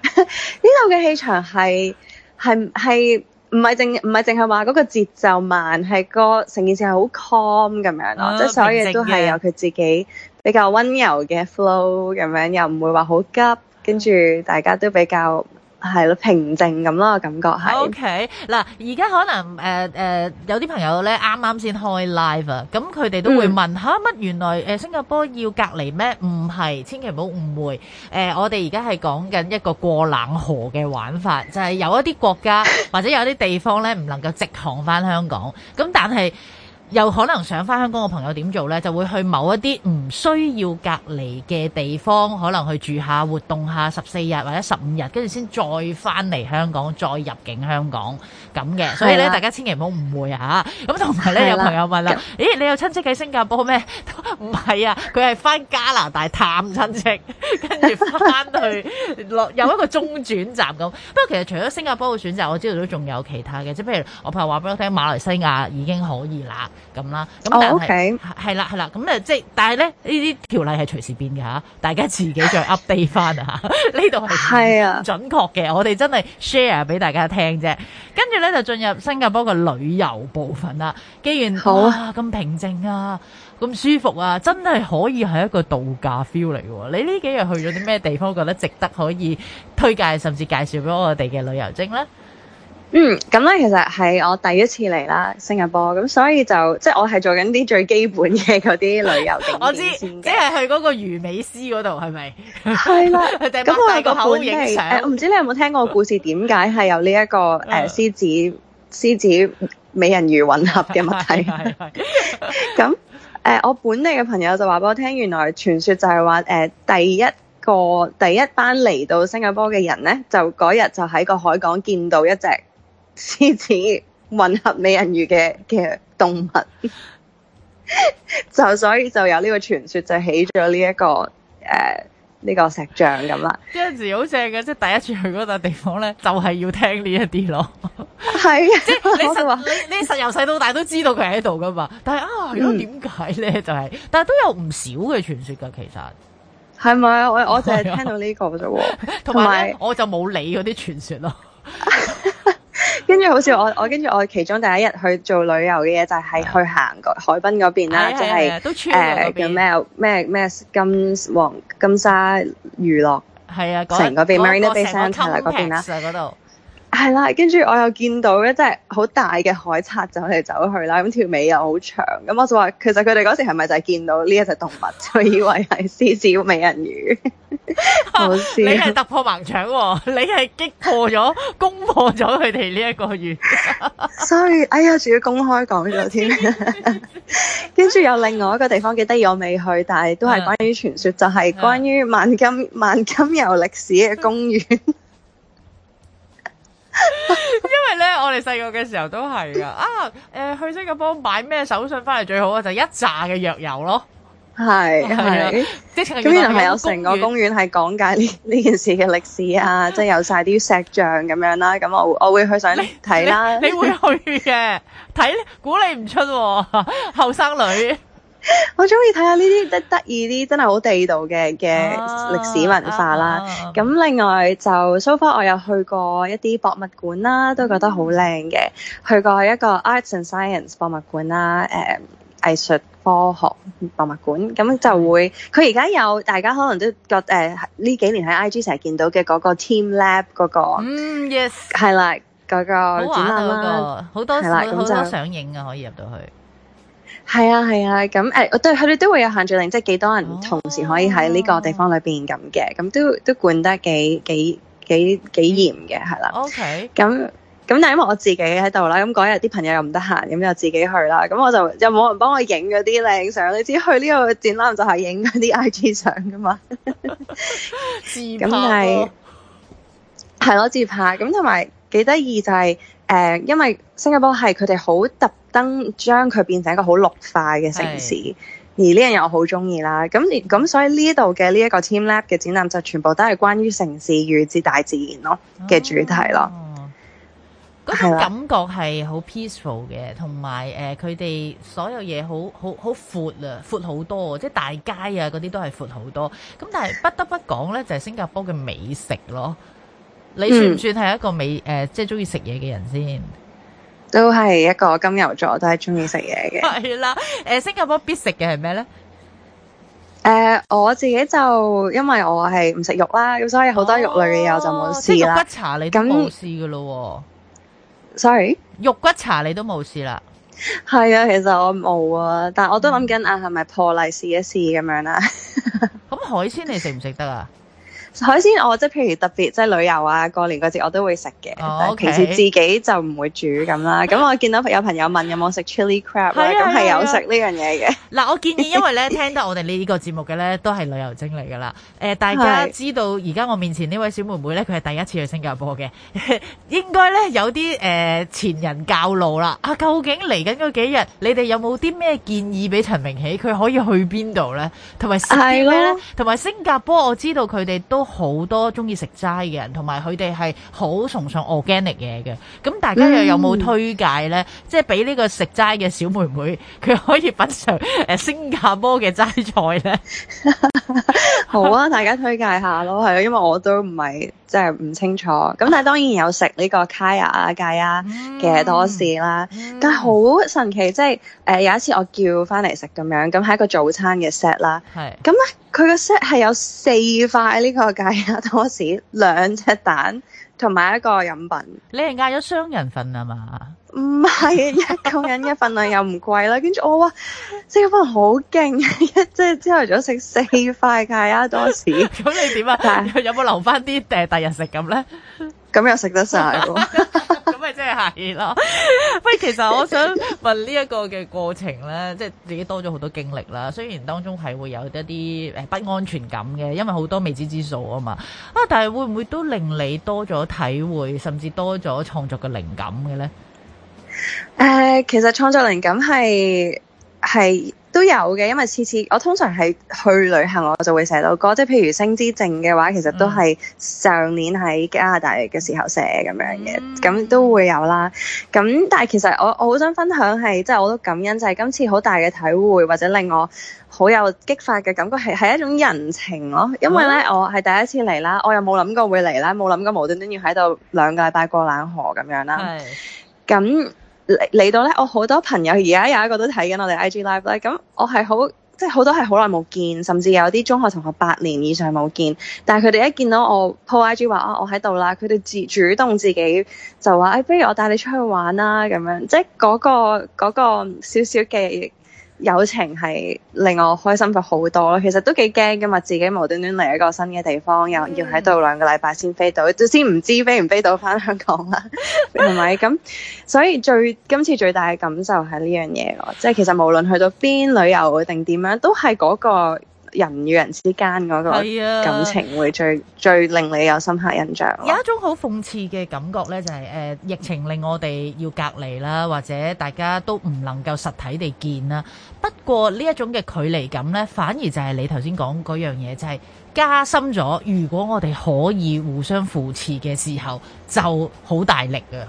呢度嘅氣場係係係唔係淨唔係淨係話嗰個節奏慢，係個成件事係好 calm 咁樣咯，哦、即係所有都係有佢自己比較溫柔嘅 flow 咁樣，又唔會話好急，跟住大家都比較。係咯，平靜咁啦，感覺係。OK，嗱，而家可能誒誒有啲朋友咧，啱啱先開 live 啊，咁佢哋都會問吓乜原來誒新加坡要隔離咩？唔係，千祈唔好誤會。誒，我哋而家係講緊一個過冷河嘅玩法，就係有一啲國家或者有啲地方咧，唔能夠直航返香港，咁但係。又可能想翻香港嘅朋友點做呢？就會去某一啲唔需要隔離嘅地方，可能去住下、活動下十四日或者十五日，跟住先再翻嚟香港，再入境香港咁嘅。的所以咧，大家千祈唔好誤會嚇。咁同埋咧，有朋友問啦：的咦，你有親戚喺新加坡咩？唔 係啊，佢係翻加拿大探親戚，跟住翻去落有一個中轉站咁。不過 其實除咗新加坡嘅選擇，我知道都仲有其他嘅，即譬如我朋友話俾我聽，馬來西亞已經可以啦。咁啦，咁但係係啦係啦，咁誒即係，但係咧、oh, okay. 呢啲條例係隨時變嘅吓，大家自己再 update 翻啊吓，呢度係唔係準確嘅， 我哋真係 share 俾大家聽啫。跟住咧就進入新加坡嘅旅遊部分啦。既然哇咁平靜啊，咁舒服啊，真係可以係一個度假 feel 嚟嘅。你呢幾日去咗啲咩地方？覺得值得可以推介，甚至介紹俾我哋嘅旅遊精咧？嗯，咁咧其實係我第一次嚟啦，新加坡，咁所以就即係我係做緊啲最基本嘅嗰啲旅遊景點 道先嘅。我知，即係去嗰個魚尾獅嗰度，係咪？係啦。咁我係個本地，誒、呃，我唔知你有冇聽過故事、這個，點解係有呢一個誒獅子、獅子美人魚混合嘅物體？係咁誒，我、呃、本地嘅朋友就話俾我聽，原來傳說就係話誒，第一個第一班嚟到新加坡嘅人咧，就嗰日就喺個海港見到一隻。獅子混合美人魚嘅嘅動物，就 所以就有呢個傳說就起咗呢一個誒呢、啊這個石像咁啦。有陣時好正嘅，即係第一次去嗰笪地方咧，就係要聽呢一啲咯。係即係你實你你實由細到大都知道佢喺度噶嘛？但係啊，點解咧？呢嗯、就係但係都有唔少嘅傳說噶，其實係咪啊？我是不是我淨係聽到呢個啫，同埋我就冇理嗰啲傳說咯。而且 跟住好似我我跟住我其中第一日去做旅遊嘅嘢，就係去行海邊，uh, 過海濱嗰邊啦，即係誒叫咩咩咩金黃金沙娛樂係啊，成個邊 Marina Bay Sands 嗰邊啦，嗰度。係啦，跟住 我又見到一隻好大嘅海賊走嚟走去啦，咁條尾又好長，咁我就話其實佢哋嗰時係咪就係見到呢一隻動物， 就以為係獅子美人魚？ 笑 你係突破盲腸、哦，你係擊破咗、 攻破咗佢哋呢一個 ？Sorry，哎呀，仲要公開講咗添。跟 住有另外一個地方幾得意，我未去，但係都係關於傳說，就係、是、關於萬金 萬金油歷史嘅公園。 因為咧，我哋細個嘅時候都係㗎啊，誒、呃，去新加坡買咩手信翻嚟最好啊？就是、一紮嘅藥油咯，係係。咁然後係有成個公園係講解呢呢件事嘅歷史啊，即係 有晒啲石像咁樣啦。咁我我會去上嚟睇 啦你你，你會去嘅睇，估 你唔、啊、出，後生女。 我中意睇下呢啲得得意啲，真係好地道嘅嘅歷史文化啦。咁 另外就 so far 我有去過一啲博物館啦，都覺得好靚嘅。去過一個 Arts and Science 博物館啦，誒藝術科學博物館。咁、嗯嗯、就會佢而家有，大家可能都覺誒呢、呃、幾年喺 IG 成日見到嘅嗰個 Team Lab 嗰、那個，嗯、mm, yes 係啦，嗰、那個展覽玩到，啊那個好多好多上映嘅，可以入到去。係啊，係啊，咁、嗯、誒，我對佢哋都會有限聚令即係幾多人同時可以喺呢個地方裏邊咁嘅，咁、oh. 嗯、都都管得幾幾幾幾嚴嘅，係啦、啊。OK、嗯。咁、嗯、咁，但因為我自己喺度啦，咁嗰日啲朋友又唔得閒，咁、嗯、就自己去啦。咁、嗯、我就又冇人幫我影嗰啲靚相，你知去呢個展覽就係影嗰啲 IG 相噶嘛。自拍。咁係係咯，自拍。咁同埋幾得意就係、是、誒、呃，因為新加坡係佢哋好特別。燈將佢變成一個好綠化嘅城市，是而呢樣嘢我好中意啦。咁咁，所以呢度嘅呢一個 teamLab 嘅展覽就全部都係關於城市與之大自然咯嘅主題咯。嗰、哦、的種感覺係好 peaceful 嘅，同埋誒，佢、呃、哋所有嘢好好好闊啊，闊好多，即係大街啊嗰啲都係闊好多。咁但係不得不講呢，就係、是、新加坡嘅美食咯。你算唔算係一個美誒、嗯呃，即係中意食嘢嘅人先？都係一個金牛座，都係中意食嘢嘅係啦。誒、呃，新加坡必食嘅係咩咧？誒、呃，我自己就因為我係唔食肉啦，咁所以好多肉類嘅嘢我就冇試啦。即係肉骨茶你都冇試噶咯？Sorry，肉骨茶你都冇試啦。係啊，其實我冇啊，但係我都諗緊啊，係咪破例試一試咁樣啦？咁海鮮你食唔食得啊？ 海鮮我即係譬如特別即係旅遊啊過年過節我都會食嘅，oh, okay. 平時自己就唔會煮咁啦。咁我見到有朋友問有冇食 Chili Crab 咧， 咁係有食呢樣嘢嘅。嗱、啊、 我建議，因為咧聽到我哋呢個節目嘅咧都係旅遊精嚟㗎啦。誒、呃、大家知道而家我面前呢位小妹妹咧，佢係第一次去新加坡嘅， 應該咧有啲誒、呃、前人教路啦。啊，究竟嚟緊嗰幾日你哋有冇啲咩建議俾陳明喜佢可以去邊度咧？同埋食啲咩咧？同埋新加坡我知道佢哋都。都好多中意食齋嘅人，同埋佢哋係好崇尚 organic 嘢嘅。咁大家又有冇推介咧？嗯、即係俾呢個食齋嘅小妹妹，佢可以品嘗誒新加坡嘅齋菜咧。 好啊， 大家推介下咯，係啊，因為我都唔係即係唔清楚。咁但係當然有食呢個咖亞啊、芥啊嘅多士啦。嗯嗯、但係好神奇，即係誒、呃、有一次我叫翻嚟食咁樣，咁係一個早餐嘅 set 啦。係咁咧，佢個 set 係有四塊呢、這個。咖呀多士，兩隻蛋同埋一個飲品，你係嗌咗雙人份啊嘛？唔係一個人嘅份量，又唔貴啦，跟住 我話， 即係份好勁，即係之後仲食四塊咖呀多士。咁 但 你點啊？ 有冇留翻啲掟第日食咁咧？咁又食得晒，啊。 即係咯，唔係，其實我想問呢一個嘅過程咧，即係自己多咗好多經歷啦。雖然當中係會有一啲誒不安全感嘅，因為好多未知之數啊嘛。啊，但係會唔會都令你多咗體會，甚至多咗創作嘅靈感嘅咧？誒，其實創作靈感係。係都有嘅，因為次次我通常係去旅行，我就會寫到歌。即係譬如《星之證》嘅話，其實都係上年喺加拿大嘅時候寫咁樣嘅，咁、嗯、都會有啦。咁但係其實我我好想分享係，即、就、係、是、我都感恩就係今次好大嘅體會，或者令我好有激發嘅感覺係係一種人情咯。因為咧，嗯、我係第一次嚟啦，我又冇諗過會嚟啦，冇諗過無端端要喺度兩個禮拜過冷河咁樣啦。咁是。嚟到咧，我好多朋友而家有一個都睇緊我哋 IG Live 咧、嗯。咁我係好，即係好多係好耐冇見，甚至有啲中學同學八年以上冇見。但係佢哋一見到我 po IG 話啊，我喺度啦，佢哋自主動自己就話，誒、哎，不如我帶你出去玩啦咁樣。即係嗰、那個嗰、那個少少記憶。那個小小友情係令我開心咗好多咯，其實都幾驚㗎嘛，自己無端端嚟一個新嘅地方，又、嗯、要喺度兩個禮拜先飛到，都先唔知飛唔飛到翻香港啦，係咪？ 咁所以最今次最大嘅感受係呢樣嘢咯，即係其實無論去到邊旅遊定點樣，都係嗰、那個。人與人之間嗰個感情會最最令你有深刻印象。有一種好諷刺嘅感覺呢，就係誒疫情令我哋要隔離啦，或者大家都唔能夠實體地見啦。不過呢一種嘅距離感呢，反而就係你頭先講嗰樣嘢，就係加深咗。如果我哋可以互相扶持嘅時候，就好大力啊！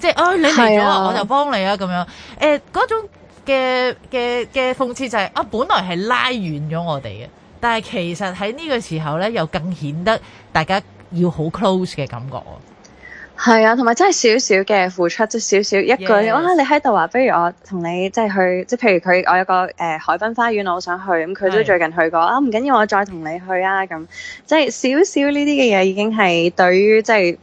即係，哎，你嚟咗，我就幫你啊！咁樣，誒嗰種。嘅嘅嘅諷刺就係、是、啊，本來係拉遠咗我哋嘅，但係其實喺呢個時候咧，又更顯得大家要好 close 嘅感覺喎。係啊，同埋真係少少嘅付出，即少少一句啊，Yes. 你喺度話，不如我同你即係、就是、去，即係譬如佢我有個誒、uh, 海濱花園，我好想去，咁、嗯、佢都最近去過是啊，唔緊要，我再同你去啊，咁即係少少呢啲嘅嘢，就是、小小已經係對於即係。就是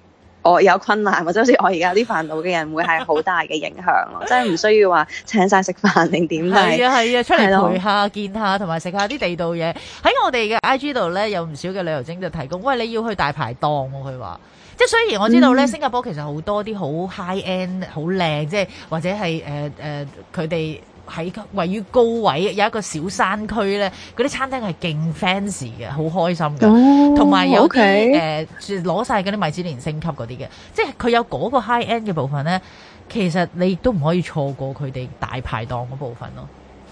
我有困難或者好似我而家啲煩惱嘅人，會係好大嘅影響咯。即係唔需要話請晒食飯定點都係啊係啊，出嚟聚下見下，同埋食下啲地道嘢。喺我哋嘅 I G 度咧，有唔少嘅旅遊精就提供。喂，你要去大排檔喎、啊？佢話即係雖然我知道咧，嗯、新加坡其實好多啲好 high end、好靚，即係或者係誒誒佢哋。呃呃喺位於高位，有一個小山區咧，嗰啲餐廳係勁 fancy 嘅，好開心嘅，同埋、oh, 有啲攞晒嗰啲米芝蓮星級嗰啲嘅，即係佢有嗰個 high end 嘅部分咧，其實你都唔可以錯過佢哋大排檔嗰部分咯，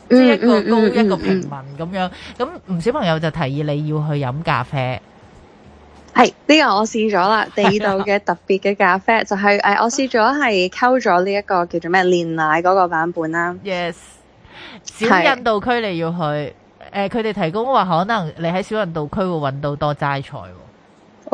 即係一個高 mm, mm, mm, mm, mm. 一個平民咁樣。咁唔少朋友就提議你要去飲咖啡。係呢、這個我試咗啦，地道嘅特別嘅咖啡是、啊、就係、是、誒，我試咗係溝咗呢一個叫做咩煉奶個版本啦。Yes，小印度區你要去誒，佢哋是、呃、提供話可能你喺小印度區會搵到多齋菜。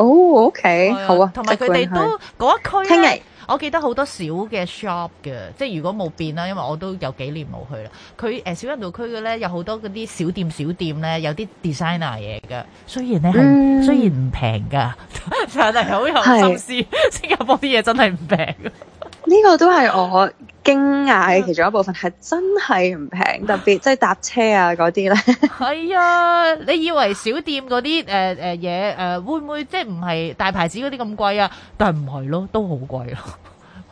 哦、oh，OK，對好啊，同埋佢哋都嗰一區，啊，聽來我記得好多小嘅 shop 嘅，即係如果冇變啦，因為我都有幾年冇去啦。佢誒小印度區嘅咧，有好多嗰啲小店小店咧，有啲 designer 嘢嘅，雖然咧係，嗯、雖然唔平㗎， 但係好有心思。是新加坡啲嘢真係唔平。呢個都係我驚訝嘅其中一部分，係真係唔平，特別即係搭車啊嗰啲咧。係 啊，你以為小店嗰啲誒誒嘢誒會唔會即係唔係大牌子嗰啲咁貴啊？但係唔係咯，都好貴咯。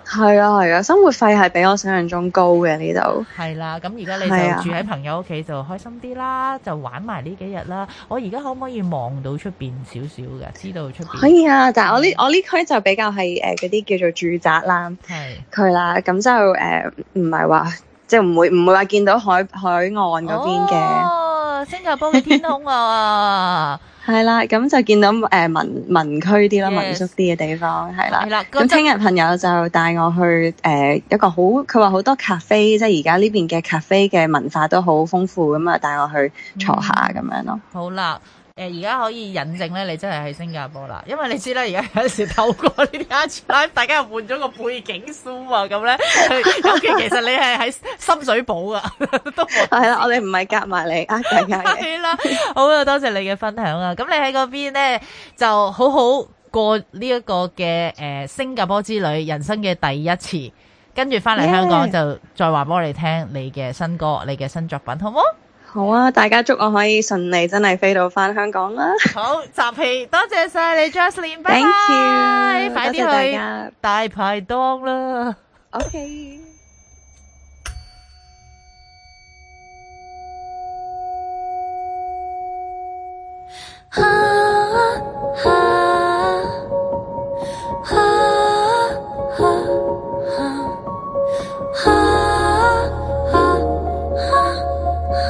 係啊係啊，生活費係比我想象中高嘅，呢度。係啦，咁而家你就住喺朋友屋企就開心啲啦，啊、就玩埋呢幾日啦。我而家可唔可以望到出邊少少㗎，知道出邊？可以啊，但係我呢、嗯、我呢區就比較係誒嗰啲叫做住宅啦，係佢是啦，咁就誒唔係話即係唔會唔會話見到海海岸嗰邊嘅。哦，新加坡嘅天空啊！ 係啦，咁就見到誒民民區啲咯，民，民，Yes. 民宿啲嘅地方係啦。咁聽日朋友就帶我去誒、呃、一個好，佢話好多咖啡，即係而家呢邊嘅咖啡嘅文化都好豐富咁啊，就帶我去坐下咁、嗯、樣咯。好啦。誒而家可以引證咧，你真係喺新加坡啦，因為你知啦，而家有時透過呢啲 Instagram，大家又換咗個背景數啊，咁咧 OK，其實你係喺深水埗啊，都冇係啦，我哋唔係夾埋嚟啊，係夾嘅。好啊，多謝你嘅分享啊！咁你喺嗰邊咧就好好過呢一個嘅誒新加坡之旅，人生嘅第一次，跟住翻嚟香港就再話俾我哋聽你嘅新歌、你嘅新作品，好唔好？好啊！大家祝我可以順利真係飛到翻香港啦！好，集氣，多謝晒你，Justin，Thank you！快啲點去啊！大排檔啦！OK。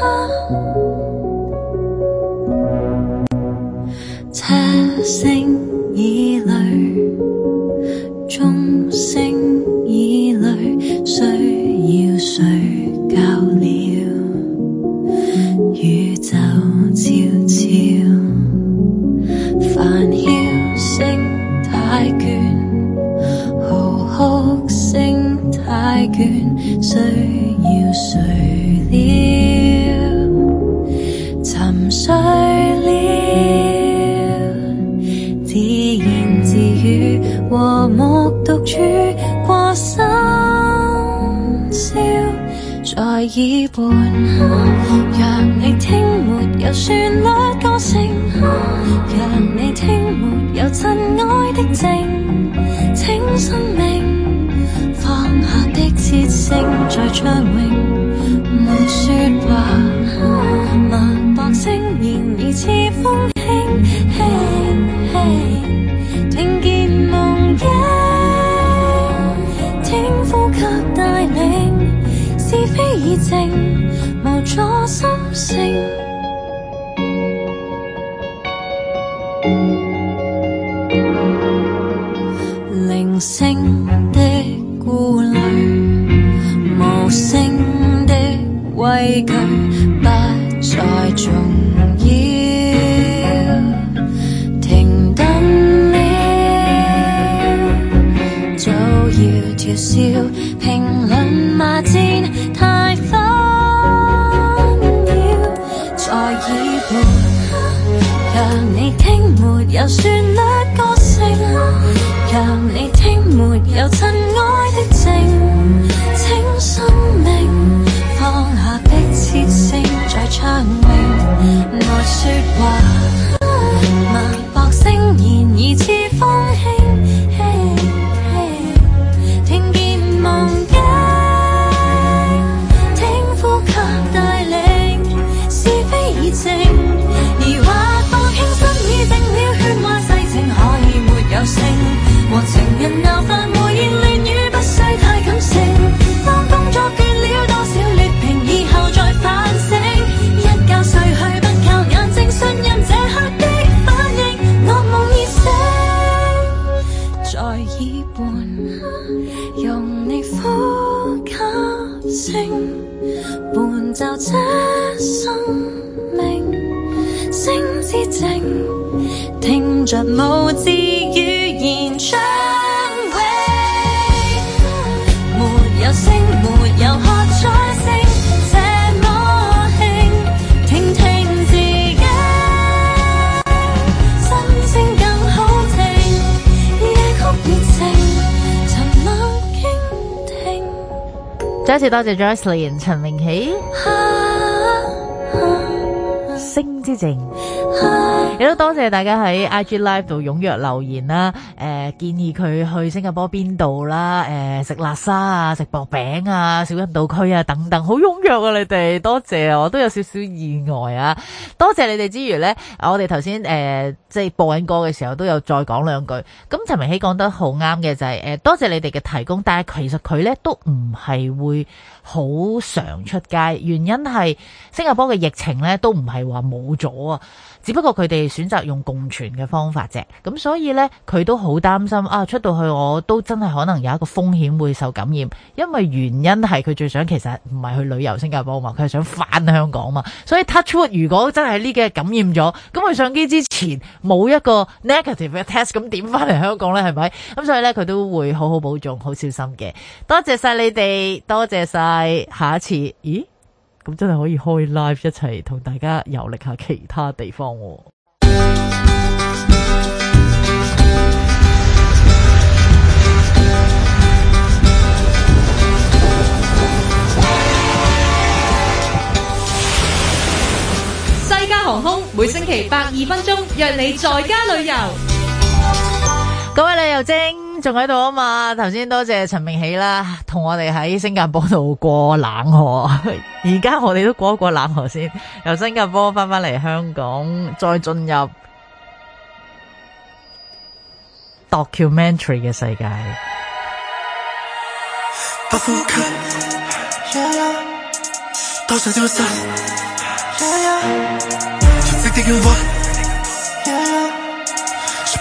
啊、車聲已累，鐘聲已累，需要睡覺了。宇宙悄悄，煩囂聲太倦，嚎哭聲太倦，需要睡。伴你聽沒有旋律歌聲啊，讓你聽沒有塵埃的靜。請生命放下的氣息再暢泳，沒説話，脈搏聲現已似風。非以靜無助心性。 多謝 Joyce Lee、陳明喜、星之靜，亦都多謝大家喺 IG Live 度踴躍留言啦。建議佢去新加坡邊度啦？誒、呃，食辣沙啊，食薄餅啊，小印度區啊，等等，好踴躍啊！你哋多謝啊，我都有少少意外啊。多謝你哋之餘呢，我哋頭先誒，即係播緊歌嘅時候都有再講兩句。咁陳明希講得好啱嘅就係、是、誒、呃，多謝你哋嘅提供，但係其實佢呢都唔係會好常出街，原因係新加坡嘅疫情呢都唔係話冇咗啊。只不過佢哋選擇用共存嘅方法啫，咁所以呢，佢都好擔心啊！出到去我都真係可能有一個風險會受感染，因為原因係佢最想其實唔係去旅遊新加坡嘛，佢係想返香港嘛，所以 touch wood 如果真係呢幾日感染咗，咁佢上機之前冇一個 negative 嘅 test，咁點翻嚟香港呢？係咪？咁所以呢，佢都會好好保重，好小心嘅。多謝晒你哋，多謝晒，下一次，咦？咁真係可以開 live 一齊同大家遊歷下其他地方，哦。西加航空每星期百二分鐘，約你在家旅遊。各位旅遊精。仲喺度啊嘛！頭先多謝陳明喜啦，同我哋喺新加坡度過冷河，而家我哋都過一過冷河先，由新加坡翻返嚟香港，再進入 documentary 嘅世界。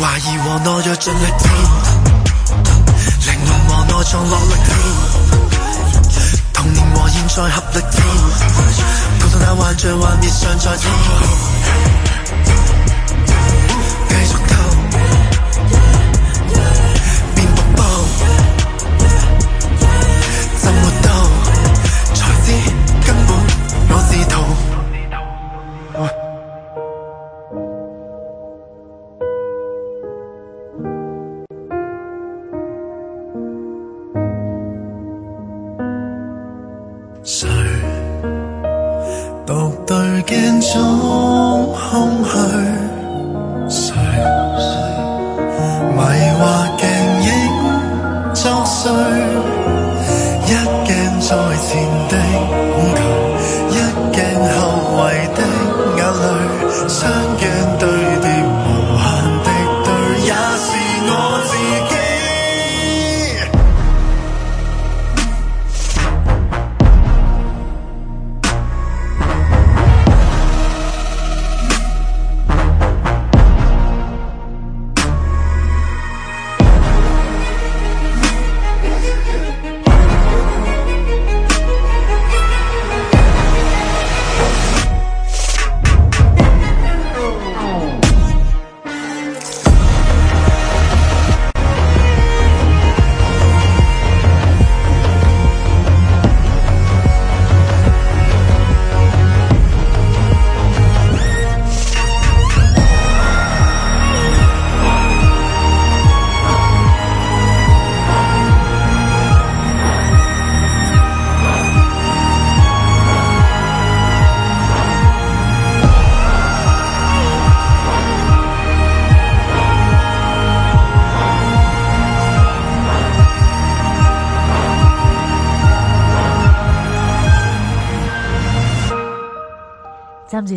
懷疑和懦弱盡力跳，靈魂和內臟落力跳，童年和現在合力跳，告訴那幻象幻滅上台演。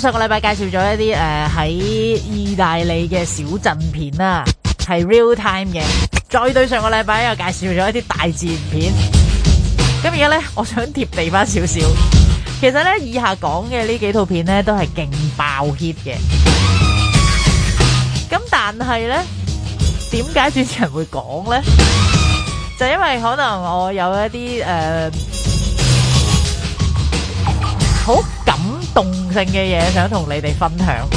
上個禮拜介紹咗一啲誒喺意大利嘅小鎮片啦，啊，係 real time 嘅。再對上個禮拜又介紹咗一啲大自然片。咁而家咧，我想貼地翻少少。其實咧，以下講嘅呢幾套片咧，都係勁爆 hit 嘅。咁但係咧，點解主持人會講咧？就因為可能我有一啲誒，呃、好。動性嘅嘢，想同你哋分享。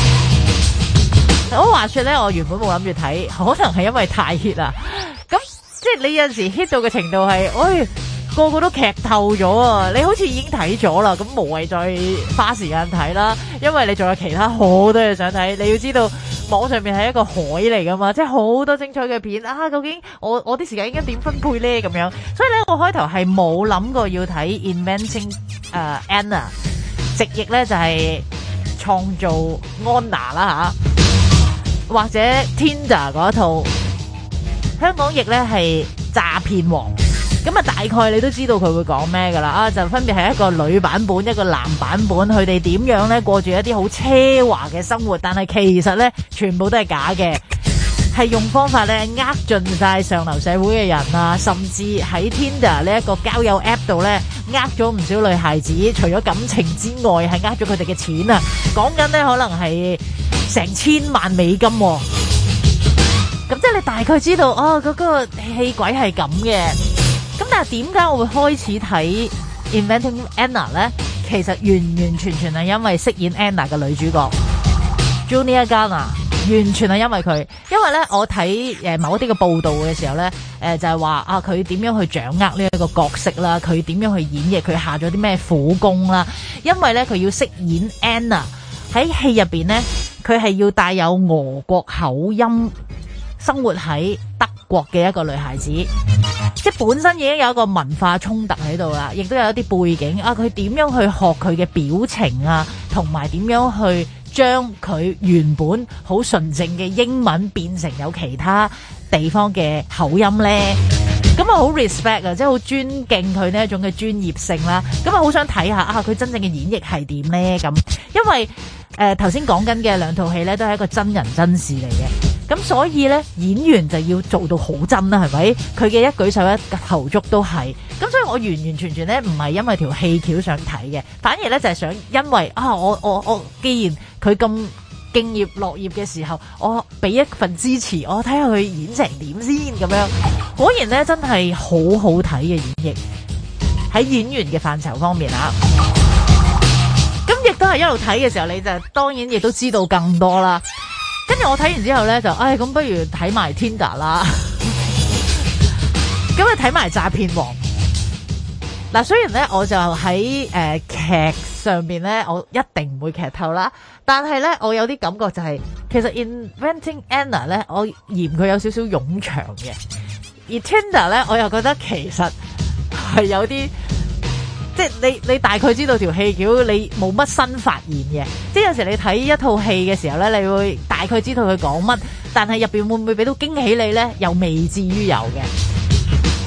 好話說咧，我原本冇諗住睇，可能係因為太 hit 啦。咁即係你有陣時 hit 到嘅程度係，誒、哎，個個都劇透咗啊！你好似已經睇咗啦，咁無謂再花時間睇啦。因為你仲有其他好多嘢想睇，你要知道網上面係一個海嚟噶嘛，即係好多精彩嘅片啊！究竟我我啲時間應該點分配咧？咁樣，所以咧我開頭係冇諗過要睇 Inventing 誒、uh, Anna。直譯咧就係創造安娜啦吓，或者 Tinder 嗰套香港譯咧係詐騙王，咁啊大概你都知道佢會講咩噶啦啊，就分別係一個女版本，一個男版本，佢哋點樣咧過住一啲好奢華嘅生活，但係其實咧全部都係假嘅，係用方法咧呃盡晒上流社會嘅人啊，甚至喺 Tinder 呢一個交友 App 度咧。呃咗唔少女孩子，除咗感情之外，係呃咗佢哋嘅錢啊！講緊咧，可能係成千萬美金，咁即係你大概知道，哦，嗰、嗰個戲鬼係咁嘅。咁但係點解我會開始睇 Inventing Anna 咧？其實完完全全係因為飾演 Anna 嘅女主角 Julia Garner 完全係因為佢，因為咧我睇誒某一啲嘅報道嘅時候咧，誒就係話啊佢點樣去掌握呢一個角色啦，佢點樣去演繹，佢下咗啲咩苦功啦？因為咧佢要飾演 Anna 喺戲入邊咧，佢係要帶有俄國口音、生活喺德國嘅一個女孩子，即係本身已經有一個文化衝突喺度啦，亦都有一啲背景啊，佢點樣去學佢嘅表情啊，同埋點樣去將佢原本好純正嘅英文變成有其他地方嘅口音呢，咁啊好 respect 啊，即係好尊敬佢呢、就是、一種嘅專業性啦。咁啊好想睇下啊佢真正嘅演繹係點呢？咁，因為誒頭先講緊嘅兩套戲呢，都係一個真人真事嚟嘅。咁所以呢，演員就要做到好真啦，係咪？佢嘅一舉手一投足都係。咁所以我完完全全呢，唔係因為條戲橋想睇嘅，反而呢，就係想因為啊，我我我既然佢咁敬業樂業嘅時候，我俾一份支持，我睇下佢演成點先咁樣。果然呢，真係好好睇嘅演繹。喺演員嘅範疇方面啊，咁亦都係一路睇嘅時候，你就當然亦都知道更多啦。跟住我睇完之後咧，就、哎、唉，咁不如睇埋 Tinder 啦。咁啊，睇埋詐騙王。嗱、啊，雖然咧我就喺誒劇上邊咧，我一定唔會劇透啦。但係咧，我有啲感覺就係、是，其實 Inventing Anna 咧，我嫌佢有少少冗長嘅。而 Tinder 咧，我又覺得其實係有啲。即係你，你大概知道條戲橋，你冇乜新發現嘅。即係有時你睇一套戲嘅時候咧，你會大概知道佢講乜，但係入邊會唔會俾到驚喜你咧？又未至於有嘅。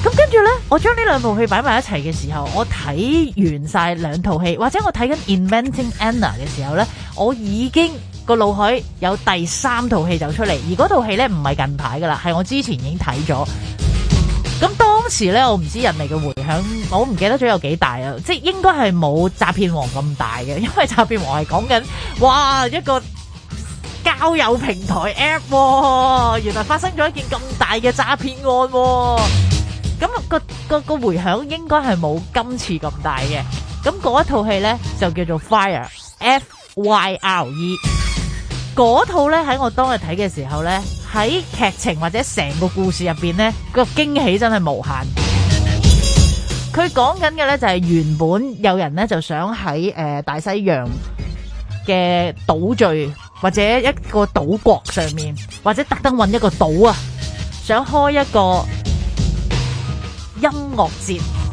咁跟住咧，我將呢兩部戲擺埋一齊嘅時候，我睇完晒兩套戲，或者我睇緊 Inventing Anna 嘅時候咧，我已經個腦海有第三套戲走出嚟，而套戲咧唔係近排噶啦，係我之前已經睇咗。咁當時咧，我唔知人哋嘅活。響我唔記得咗有幾大啊！即係應該係冇詐騙王咁大嘅，因為詐騙王係講緊哇一個交友平台 app，原來發生咗一件咁大嘅詐騙案，咁個個個回響應該係冇今次咁大嘅。咁嗰一套戲咧就叫做 Fire F Y R E，嗰套咧喺我當日睇嘅時候咧，喺劇情或者成個故事入邊咧個驚喜真係無限。佢講緊嘅呢，就係原本有人呢，就想喺誒大西洋嘅島嶼或者一個島國上面，或者特登揾一個島啊，想開一個音樂節。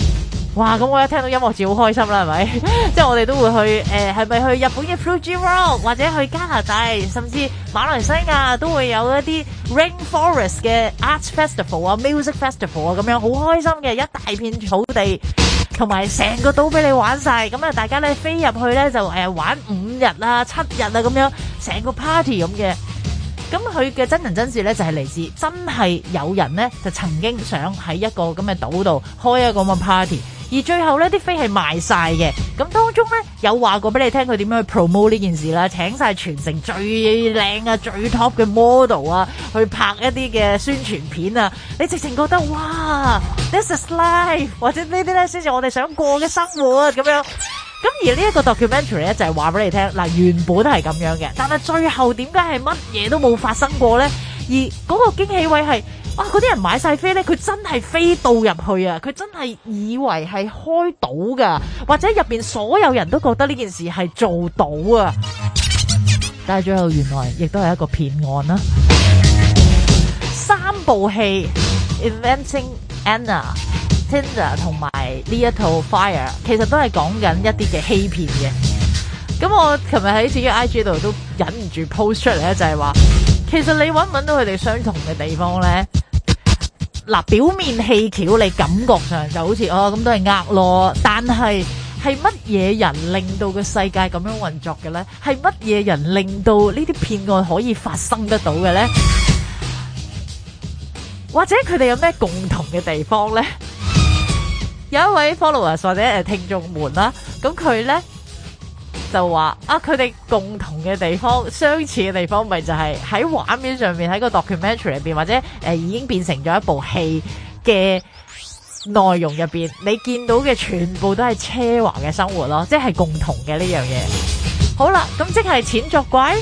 哇！咁我一聽到音樂節好開心啦，係咪？ 即係我哋都會去誒，係、呃、咪去日本嘅 Fuji Rock，或者去加拿大，甚至馬來西亞都會有一啲 Rainforest 嘅 Art Festival 啊、Music Festival 啊咁樣，好開心嘅一大片草地，同埋成個島俾你玩晒。咁啊，大家咧飛入去咧就誒玩五日啊、七日啊咁樣，成個 party 咁嘅。咁佢嘅真人真事咧就係、是、嚟自真係有人咧就曾經想喺一個咁嘅島度開一個咁嘅 party。而最後呢啲飛係賣晒嘅。咁當中呢，有話過俾你聽佢點樣去 promote 呢件事啦，請晒全城最靚啊、最 top 嘅 model 啊去拍一啲嘅宣傳片啊。你直情覺得「哇，this is life，或者呢啲呢先至我哋想過嘅生活啊！」咁樣。咁而呢一個 documentary 咧就係話俾你聽，「嗱原本都係咁樣嘅，但係最後點解係乜嘢都冇發生過呢？」而嗰個驚喜位係。哇！嗰啲、啊、人買晒飛咧，佢真係飛到入去啊！佢真係以為係開到㗎，或者入邊所有人都覺得呢件事係做到啊！ 但係最後原來亦都係一個騙案啦。 三部戲《Inventing Anna》、《Tinder》同埋呢一套《Fire》，其實都係講緊一啲嘅欺騙嘅。咁我琴日喺自己 IG 度都忍唔住 post 出嚟啦，就係、是、話。其實你揾唔揾到佢哋相同嘅地方咧？嗱，表面戲橋，你感覺上就好似哦咁都係呃咯。但係係乜嘢人令到個世界咁樣運作嘅咧？係乜嘢人令到呢啲騙案可以發生得到嘅咧？或者佢哋有咩共同嘅地方咧？有一位 followers 或者誒聽眾們啦，咁佢咧。就話啊，佢哋共同嘅地方、相似嘅地方，咪就係喺畫面上面，喺個 documentary 入邊，或者誒、呃、已經變成咗一部戲嘅內容入邊，你見到嘅全部都係奢華嘅生活咯，即係共同嘅呢樣嘢。好啦，咁即係錢作怪。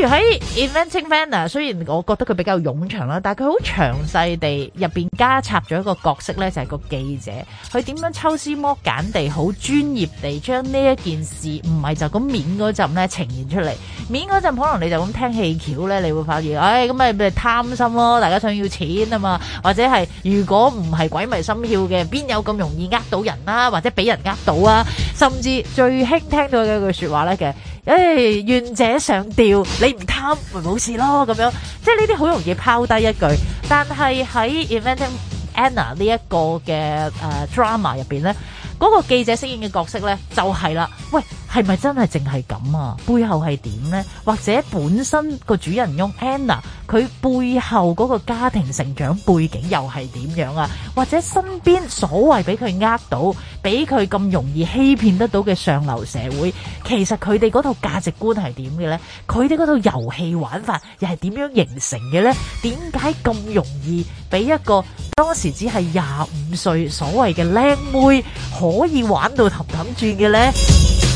如喺、hey, Inventing Anna，雖然我覺得佢比較冗長啦，但係佢好詳細地入邊加插咗一個角色咧，就係、是、個記者，佢點樣抽絲剝繭地好專業地將呢一件事，唔係就咁面嗰陣咧呈現出嚟。面嗰陣可能你就咁聽戲橋咧，你會發現，唉、哎，咁咪咪貪心咯，大家想要錢啊嘛。或者係如果唔係鬼迷心竅嘅，邊有咁容易呃到人啦、啊，或者俾人呃到啊？甚至最輕聽到嘅一句説話咧嘅。誒願、哎、者上吊，你唔貪咪冇事咯咁樣，即係呢啲好容易拋低一句。但係喺《Inventing Anna》呢一個嘅誒 drama 入邊咧，嗰、呃那個記者飾演嘅角色咧就係、是、啦，喂。係咪真係淨係咁啊？背後係點呢？或者本身個主人翁 Anna 佢背後嗰個家庭成長背景又係點樣啊？或者身邊所謂俾佢呃到，俾佢咁容易欺騙得到嘅上流社會，其實佢哋嗰套價值觀係點嘅呢？佢哋嗰套遊戲玩法又係點樣形成嘅呢？點解咁容易俾一個當時只係廿五歲所謂嘅靚妹可以玩到氹氹轉嘅呢？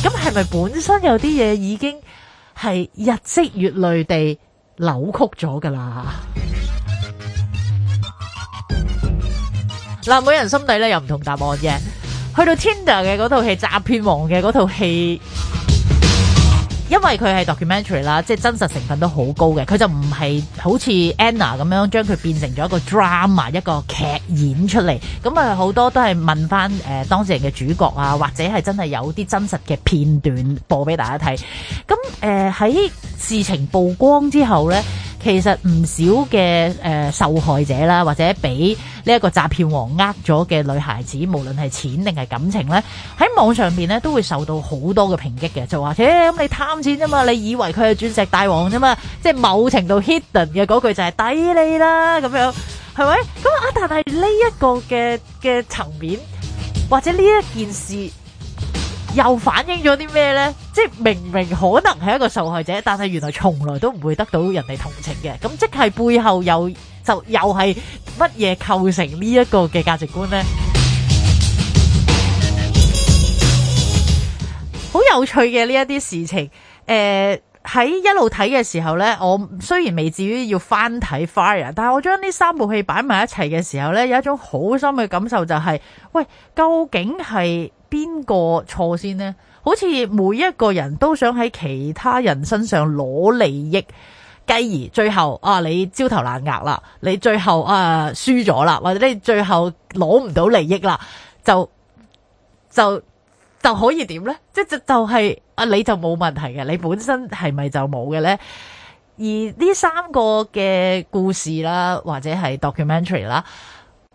咁係咪本身有啲嘢已經係日積月累地扭曲咗噶啦？嗱， 每人心底咧有唔同答案嘅。去到 Tinder 嘅嗰套戲，詐騙戲《詐騙王》嘅嗰套戲。因為佢係 documentary 啦，即係真實成分都好高嘅，佢就唔係好似 Anna 咁樣將佢變成咗一個 drama 一個劇演出嚟，咁啊好多都係問翻誒、呃、當事人嘅主角啊，或者係真係有啲真實嘅片段播俾大家睇，咁誒喺事情曝光之後呢。其實唔少嘅誒、呃、受害者啦，或者俾呢一個詐騙王呃咗嘅女孩子，無論係錢定係感情咧，喺網上邊咧都會受到好多嘅抨擊嘅，就話：切、欸、咁你貪錢啫嘛，你以為佢係鑽石大王啫嘛？即係某程度 hidden 嘅嗰句就係、是、抵你啦，咁樣係咪？咁啊，但係呢一個嘅嘅層面或者呢一件事。又反映咗啲咩呢？即係明明可能係一個受害者，但係原來從來都唔會得到人哋同情嘅。咁即係背後又就又係乜嘢構成呢一個嘅價值觀呢？好 有趣嘅呢一啲事情。誒、呃，喺一路睇嘅時候呢，我雖然未至於要翻睇 Fire，但係我將呢三部戲擺埋一齊嘅時候呢，有一種好深嘅感受就係、是，喂，究竟係……邊個錯先呢？好似每一個人都想喺其他人身上攞利益，繼而最後啊你焦頭爛額啦，你最後啊輸咗啦，或者你最後攞唔到利益啦，就就就可以點呢？即就就係啊你就冇問題嘅，你本身係咪就冇嘅呢？而呢三個嘅故事啦，或者係 documentary 啦，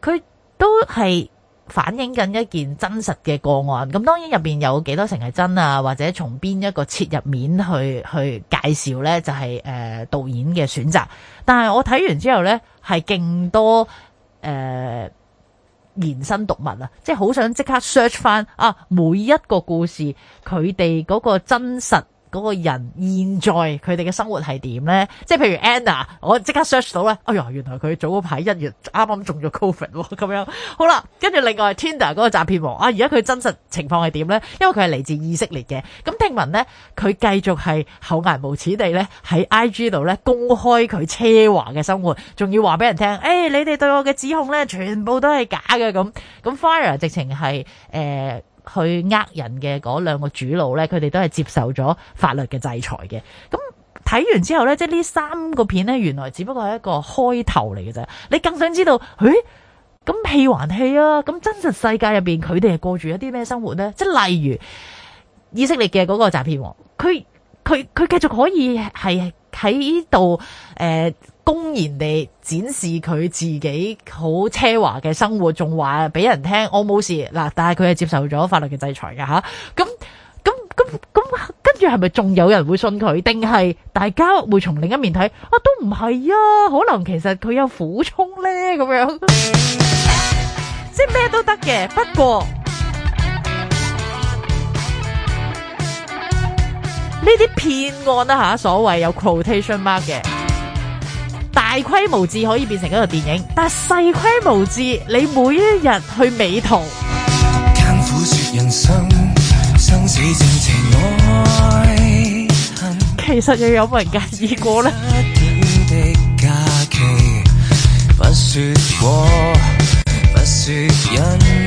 佢都係。反映緊一件真實嘅個案，咁當然入邊有幾多成係真啊，或者從邊一個切入面去去介紹咧，就係、是、誒、呃、導演嘅選擇。但係我睇完之後咧，係勁多誒、呃、延伸讀物啊，即係好想即刻 search 翻啊每一個故事佢哋個真實。嗰個人現在佢哋嘅生活係點呢？即係譬如 Anna，我即刻 search 到咧，哎呀，原來佢早排一月啱啱中咗 Covid 咁、哦、樣好啦。跟住另外 Tinder 嗰個詐騙王啊，而家佢真實情況係點呢？因為佢係嚟自以色列嘅，咁聽聞呢，佢繼續係厚顏無恥地呢，喺 IG 度呢，公開佢奢華嘅生活，仲要話俾人聽，誒、哎、你哋對我嘅指控呢，全部都係假嘅咁。咁 Fire 直情係誒。呃去呃人嘅嗰兩個主腦呢，佢哋都係接受咗法律嘅制裁嘅。咁睇完之後呢，即係呢三個片呢，原來只不過係一個開頭嚟嘅啫。你更想知道，誒咁戲還戲啊！咁真實世界入邊，佢哋係過住一啲咩生活呢？即係例如以色列嘅嗰個詐騙王，佢佢佢繼續可以係喺度誒。呃公然地展示佢自己好奢華嘅生活，仲話俾人聽，我冇事嗱，但係佢係接受咗法律嘅制裁嘅吓。咁咁咁咁跟住係咪仲有人會信佢？定係大家會從另一面睇啊？都唔係啊，可能其實佢有苦衷咧，咁樣即係咩都得嘅。不過呢啲騙案啦吓、啊，所謂有 quotation mark 嘅。大規模至可以變成一個電影，但細規模至，你每一日去美圖，其實又有冇人介意過呢？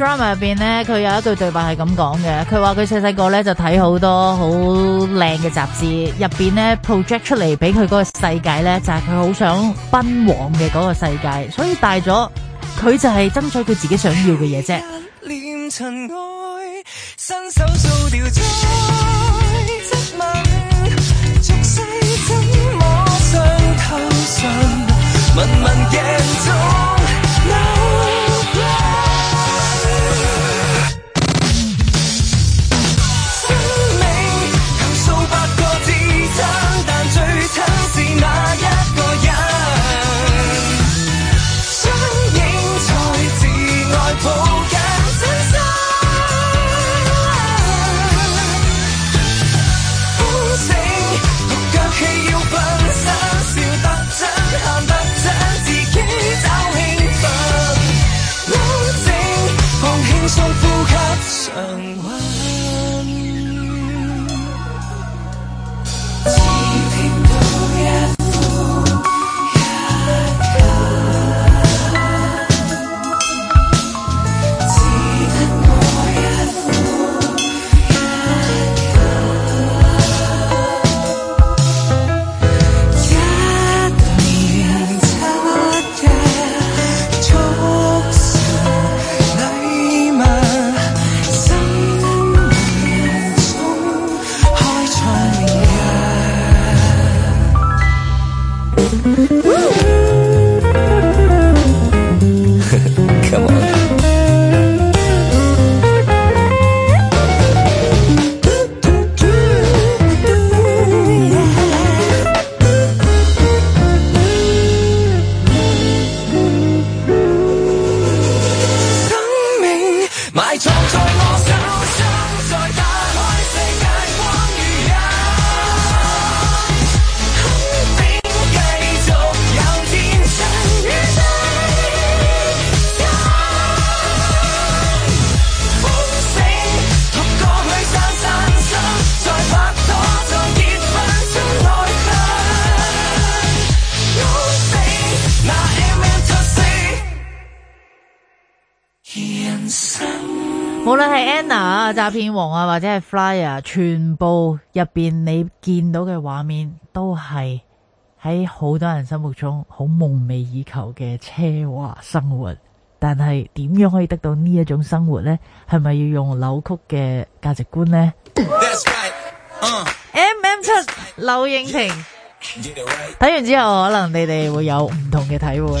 drama 入邊咧，佢有一句對白係咁講嘅，佢話佢細細個咧就睇好多好靚嘅雜誌，入邊咧 project 出嚟俾佢嗰個世界咧，就係佢好想奔往嘅嗰個世界，所以大咗佢就係爭取佢自己想要嘅嘢啫。詐騙、啊、王啊，或者係 flyer，全部入邊你見到嘅畫面都係喺好多人心目中好夢寐以求嘅奢華生活。但係點樣可以得到呢一種生活呢？係咪要用扭曲嘅價值觀呢？MM 七劉穎婷睇完之後，可能你哋會有唔同嘅體會。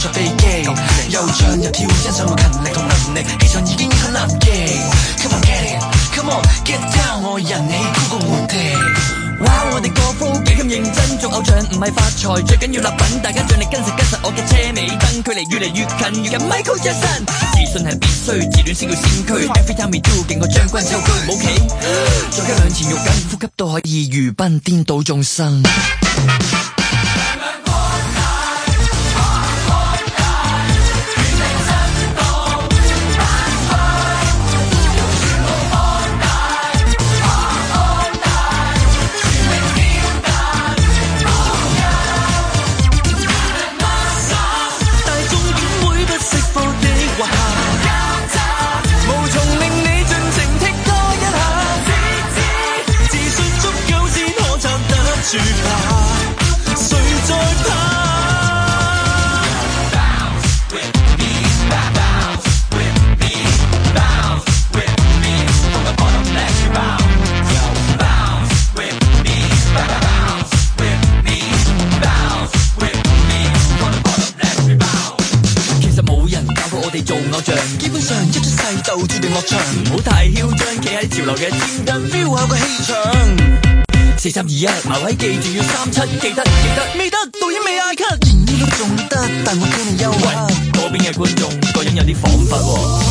坐飛機，又唱又跳，欣賞我勤力同能力，其實已經已經立機。Come on get it, come on get down，我人氣高過我哋。Wow，我哋個 flow 幾咁認真，做偶像唔係發財，最緊要立品，大家盡力跟實跟實我嘅車尾燈，距離越嚟越近。越近，Michael Jackson，自信係必須，自戀先叫先驅。Every time we do，勁過將軍周瑜。OK，再一兩錢肉緊，呼吸都可以如奔，顛倒眾生。注定落場，唔好太囂張，企喺潮流嘅尖端，feel 下個氣場。四三二一，埋位記住要三七，記得記得未得，導演未嗌 cut，仍然呢都仲得，但我叫你休、啊、喂，嗰邊嘅觀眾，個樣有啲恍惚。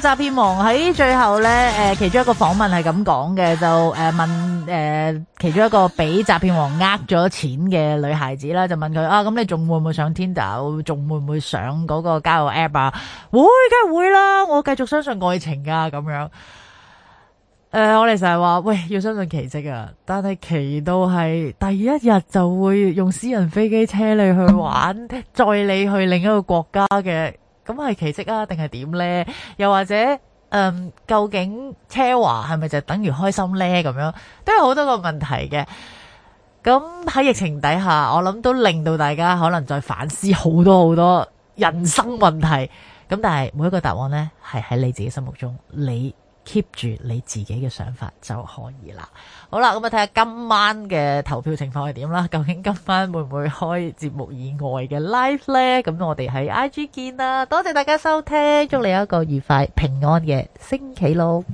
詐騙王喺最後咧，誒、呃，其中一個訪問係咁講嘅，就誒、呃、問誒、呃、其中一個俾詐騙王呃咗錢嘅女孩子啦，就問佢啊，咁你仲會唔會上 Tinder，仲會唔會上嗰個交友 app 啊？會，梗係會啦，我繼續相信愛情噶、啊，咁樣。誒、呃，我哋成日話喂，要相信奇蹟啊，但係奇到係第一日就會用私人飛機車你去玩，載 你去另一個國家嘅。咁係奇迹啊，定係點咧？又或者，嗯，究竟奢華係咪就是等於開心咧？咁樣都有好多個問題嘅。咁喺疫情底下，我諗都令到大家可能再反思好多好多人生問題。咁但係每一個答案咧，係喺你自己心目中你。Keep 住你自己嘅想法就可以啦。好啦，咁啊睇下今晚嘅投票情況係點啦。究竟今晚會唔會開節目以外嘅 live 呢？咁我哋喺 IG 見啦。多謝大家收聽，祝你有一個愉快平安嘅星期六。